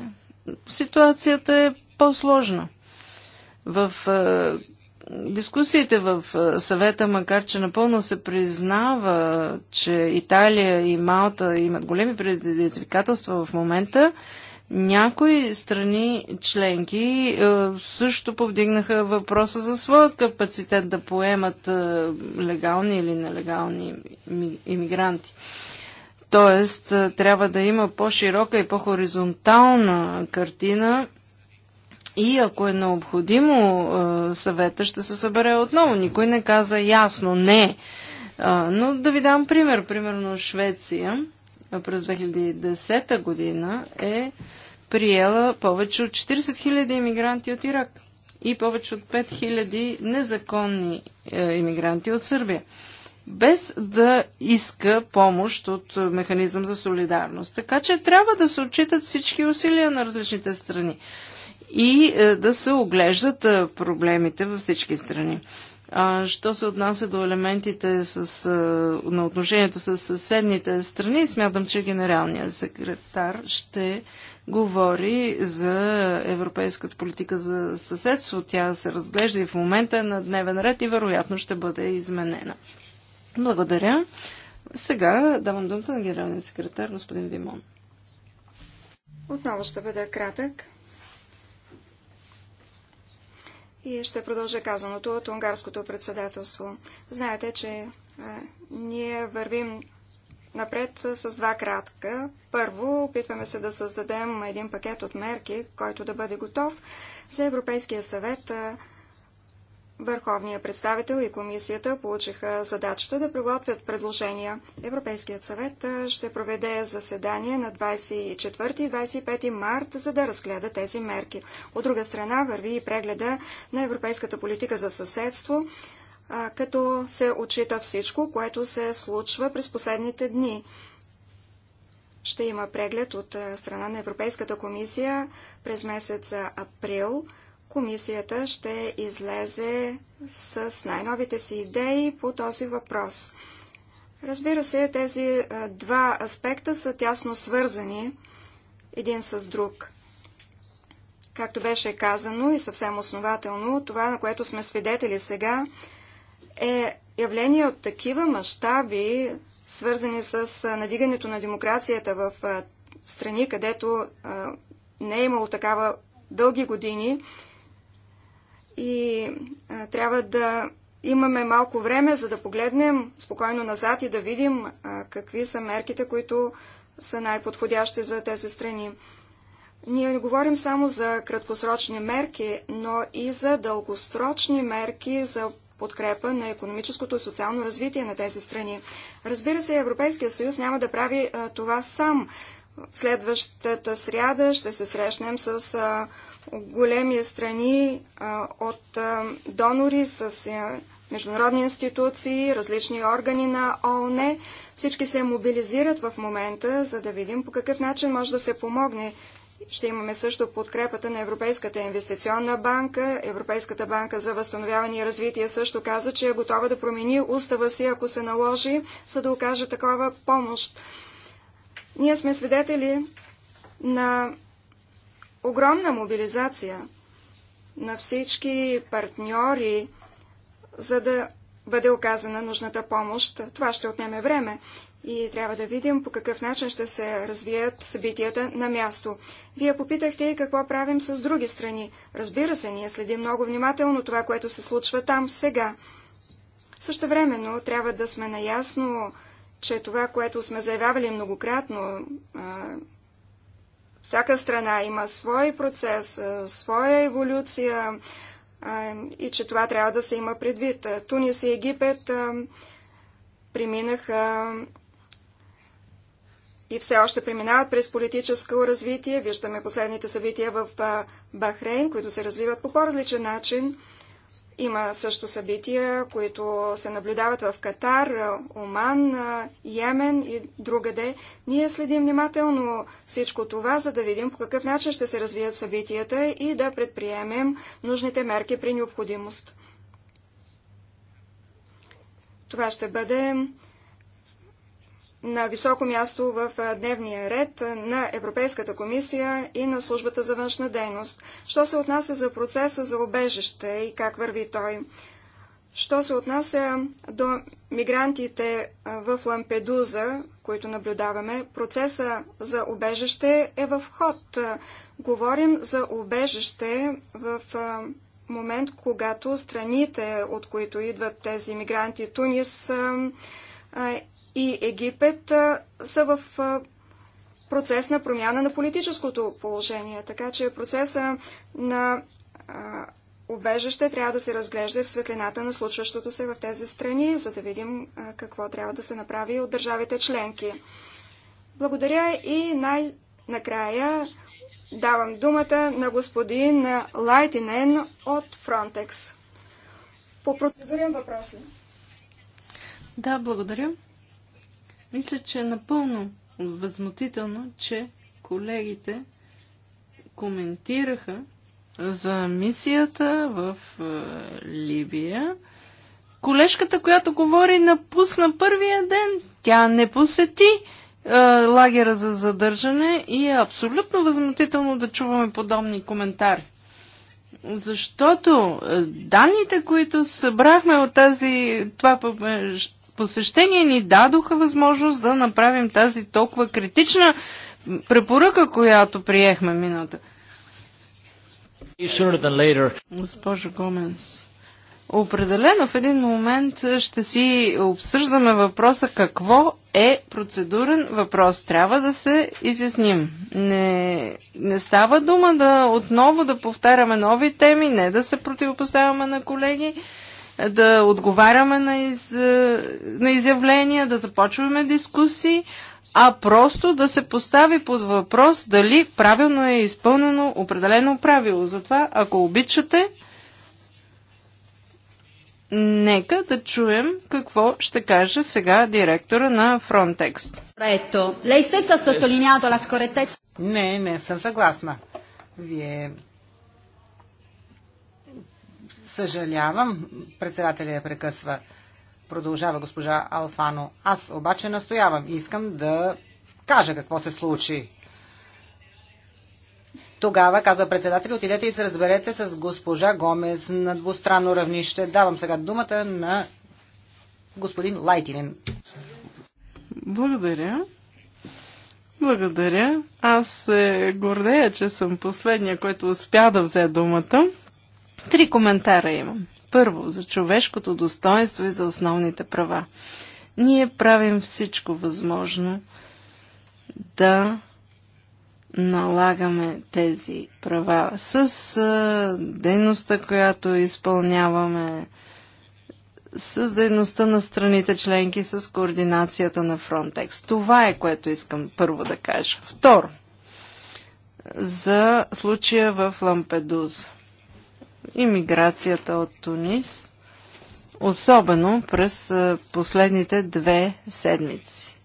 ситуацията е по сложно В е, дискусиите в е, съвета, макар че напълно се признава, че Италия и Малта имат големи предизвикателства в момента, някои страни членки е, също повдигнаха въпроса за своя капацитет да поемат легални или нелегални иммигранти. Тоест, трябва да има по-широка и по-хоризонтална картина и ако е необходимо, съвета ще се събере отново. Никой не каза ясно не. Но да ви дам пример. Примерно Швеция през 2010 година е приела повече от 40 000 иммигранти от Ирак и повече от 5 000 незаконни е, иммигранти от Сърбия без да иска помощ от е, механизъм за солидарност. Така че трябва да се отчитат всички усилия на различните страни и е, да се оглеждат е, проблемите във всички страни. А, що се отнася до елементите с, а, е, на отношенията с съседните страни, смятам, че генералният секретар ще говори за европейската политика за съседство. Тя се разглежда и в момента на дневен ред и вероятно ще бъде изменена. Благодаря. Сега давам думата на генералния секретар господин Вимон. Отново ще бъда кратък и ще продължа казаното от унгарското председателство. Знаете, че а, ние вървим напред с два кратка. Първо, опитваме се да създадем един пакет от мерки, който да бъде готов за Европейския съвет А, Върховния представител и комисията получиха задачата да приготвят предложения. Европейският съвет ще проведе заседание на 24 и 25 март, за да разгледа тези мерки. От друга страна върви и прегледа на европейската политика за съседство, като се отчита всичко, което се случва през последните дни. Ще има преглед от страна на Европейската комисия през месец април – комисията ще излезе с най-новите си идеи по този въпрос. Разбира се, тези два аспекта са тясно свързани един с друг. Както беше казано и съвсем основателно, това, на което сме свидетели сега, е явление от такива мащаби, свързани с надигането на демокрацията в страни, където не е имало такава дълги години, и а, трябва да имаме малко време, за да погледнем спокойно назад и да видим а, какви са мерките, които са най-подходящи за тези страни. Ние не говорим само за краткосрочни мерки, но и за дългосрочни мерки за подкрепа на економическото и социално развитие на тези страни. Разбира се, Европейския съюз няма да прави а, това сам. Следващата сряда ще се срещнем с а, големи страни от донори с международни институции, различни органи на ООН. Всички се мобилизират в момента, за да видим по какъв начин може да се помогне. Ще имаме също подкрепата на Европейската инвестиционна банка. Европейската банка за възстановяване и развитие също каза, че е готова да промени устава си, ако се наложи, за да окаже такова помощ. Ние сме свидетели на огромна мобилизация на всички партньори, за да бъде оказана нужната помощ. Това ще отнеме време и трябва да видим по какъв начин ще се развият събитията на място. Вие попитахте и какво правим с други страни. Разбира се, ние следим много внимателно това, което се случва там сега. Също времено трябва да сме наясно, че това, което сме заявявали многократно, всяка страна има свой процес, своя еволюция и че това трябва да се има предвид. Тунис и Египет преминаха и все още преминават през политическо развитие. Виждаме последните събития в Бахрейн, които се развиват по по-различен начин. Има също събития, които се наблюдават в Катар, Оман, Йемен и другаде. Ние следим внимателно всичко това, за да видим по какъв начин ще се развият събитията и да предприемем нужните мерки при необходимост. Това ще бъде на високо място в дневния ред на Европейската комисия и на службата за външна дейност. Що се отнася за процеса за обежище и как върви той? Що се отнася до мигрантите в Лампедуза, които наблюдаваме, процеса за обежище е в ход. Говорим за обежище в момент, когато страните, от които идват тези мигранти, Тунис, и Египет са в процес на промяна на политическото положение. Така че процеса на обежаще трябва да се разглежда в светлината на случващото се в тези страни, за да видим какво трябва да се направи от държавите членки. Благодаря и най-накрая давам думата на господин Лайтинен от Фронтекс. По процедурен въпрос ли? Да, благодаря. Мисля, че е напълно възмутително, че колегите коментираха за мисията в е, Либия. Колежката, която говори, напусна първия ден. Тя не посети е, лагера за задържане и е абсолютно възмутително да чуваме подобни коментари. Защото е, данните, които събрахме от тази, това посещение ни дадоха възможност да направим тази толкова критична препоръка, която приехме миналата. Госпожо Гоменс, определено в един момент ще си обсъждаме въпроса какво е процедурен въпрос. Трябва да се изясним. Не, не става дума да отново да повтаряме нови теми, не да се противопоставяме на колеги да отговаряме на, из, на изявления, да започваме дискусии, а просто да се постави под въпрос дали правилно е изпълнено определено правило. Затова, ако обичате, Нека да чуем какво ще каже сега директора на Frontex. Не, не съм съгласна. Вие Съжалявам, председателя я прекъсва. Продължава госпожа Алфано. Аз обаче настоявам. Искам да кажа какво се случи. Тогава, каза председателя, отидете и се разберете с госпожа Гомес на двустранно равнище. Давам сега думата на господин Лайтинен. Благодаря. Благодаря. Аз се гордея, че съм последния, който успя да взе думата. Три коментара имам. Първо, за човешкото достоинство и за основните права. Ние правим всичко възможно да налагаме тези права с а, дейността, която изпълняваме, с дейността на страните членки, с координацията на Frontex. Това е което искам първо да кажа. Второ, за случая в Лампедуза иммиграцията от Тунис, особено през последните две седмици.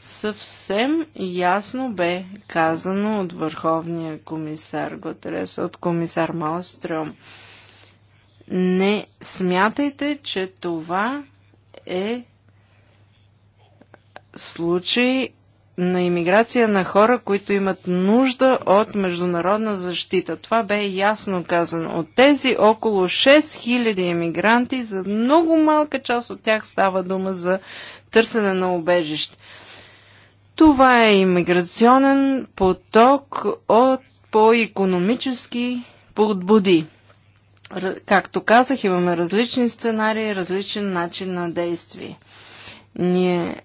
Съвсем ясно бе казано от Върховния комисар Готерес, от комисар Малстрем. Не смятайте, че това е случай на иммиграция на хора, които имат нужда от международна защита. Това бе ясно казано. От тези около 6000 иммигранти, за много малка част от тях става дума за търсене на убежище. Това е иммиграционен поток от по-економически подбуди. Както казах, имаме различни сценарии, различен начин на действие. Ние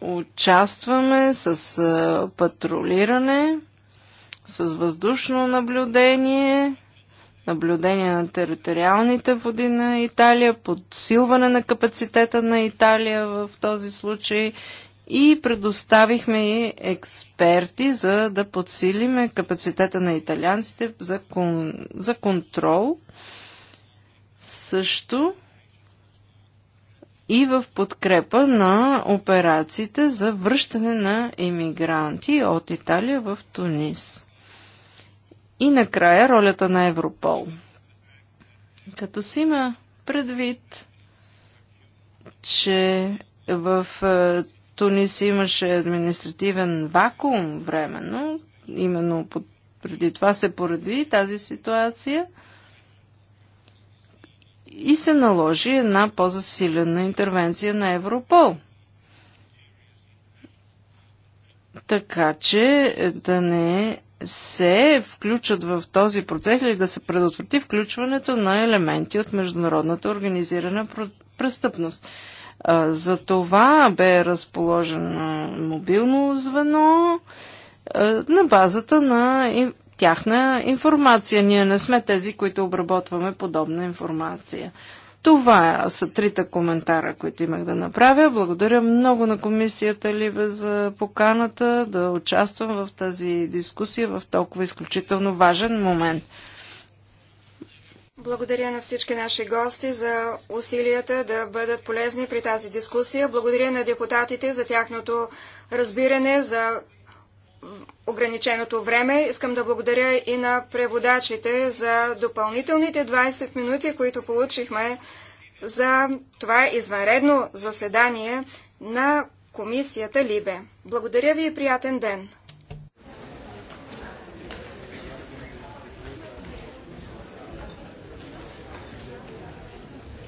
участваме с патрулиране, с въздушно наблюдение, наблюдение на териториалните води на Италия, подсилване на капацитета на Италия в този случай и предоставихме и експерти, за да подсилиме капацитета на италианците за, кон... за контрол. Също и в подкрепа на операциите за връщане на иммигранти от Италия в Тунис. И накрая ролята на Европол. Като си има предвид, че в е, Тунис имаше административен вакуум временно, именно преди това се поради тази ситуация – и се наложи една по-засилена интервенция на Европол. Така че да не се включат в този процес или да се предотврати включването на елементи от международната организирана престъпност. За това бе разположено мобилно звено на базата на тяхна информация. Ние не сме тези, които обработваме подобна информация. Това са трите коментара, които имах да направя. Благодаря много на комисията Либе за поканата да участвам в тази дискусия в толкова изключително важен момент. Благодаря на всички наши гости за усилията да бъдат полезни при тази дискусия. Благодаря на депутатите за тяхното разбиране за ограниченото време. Искам да благодаря и на преводачите за допълнителните 20 минути, които получихме за това извънредно заседание на комисията Либе. Благодаря ви и приятен ден!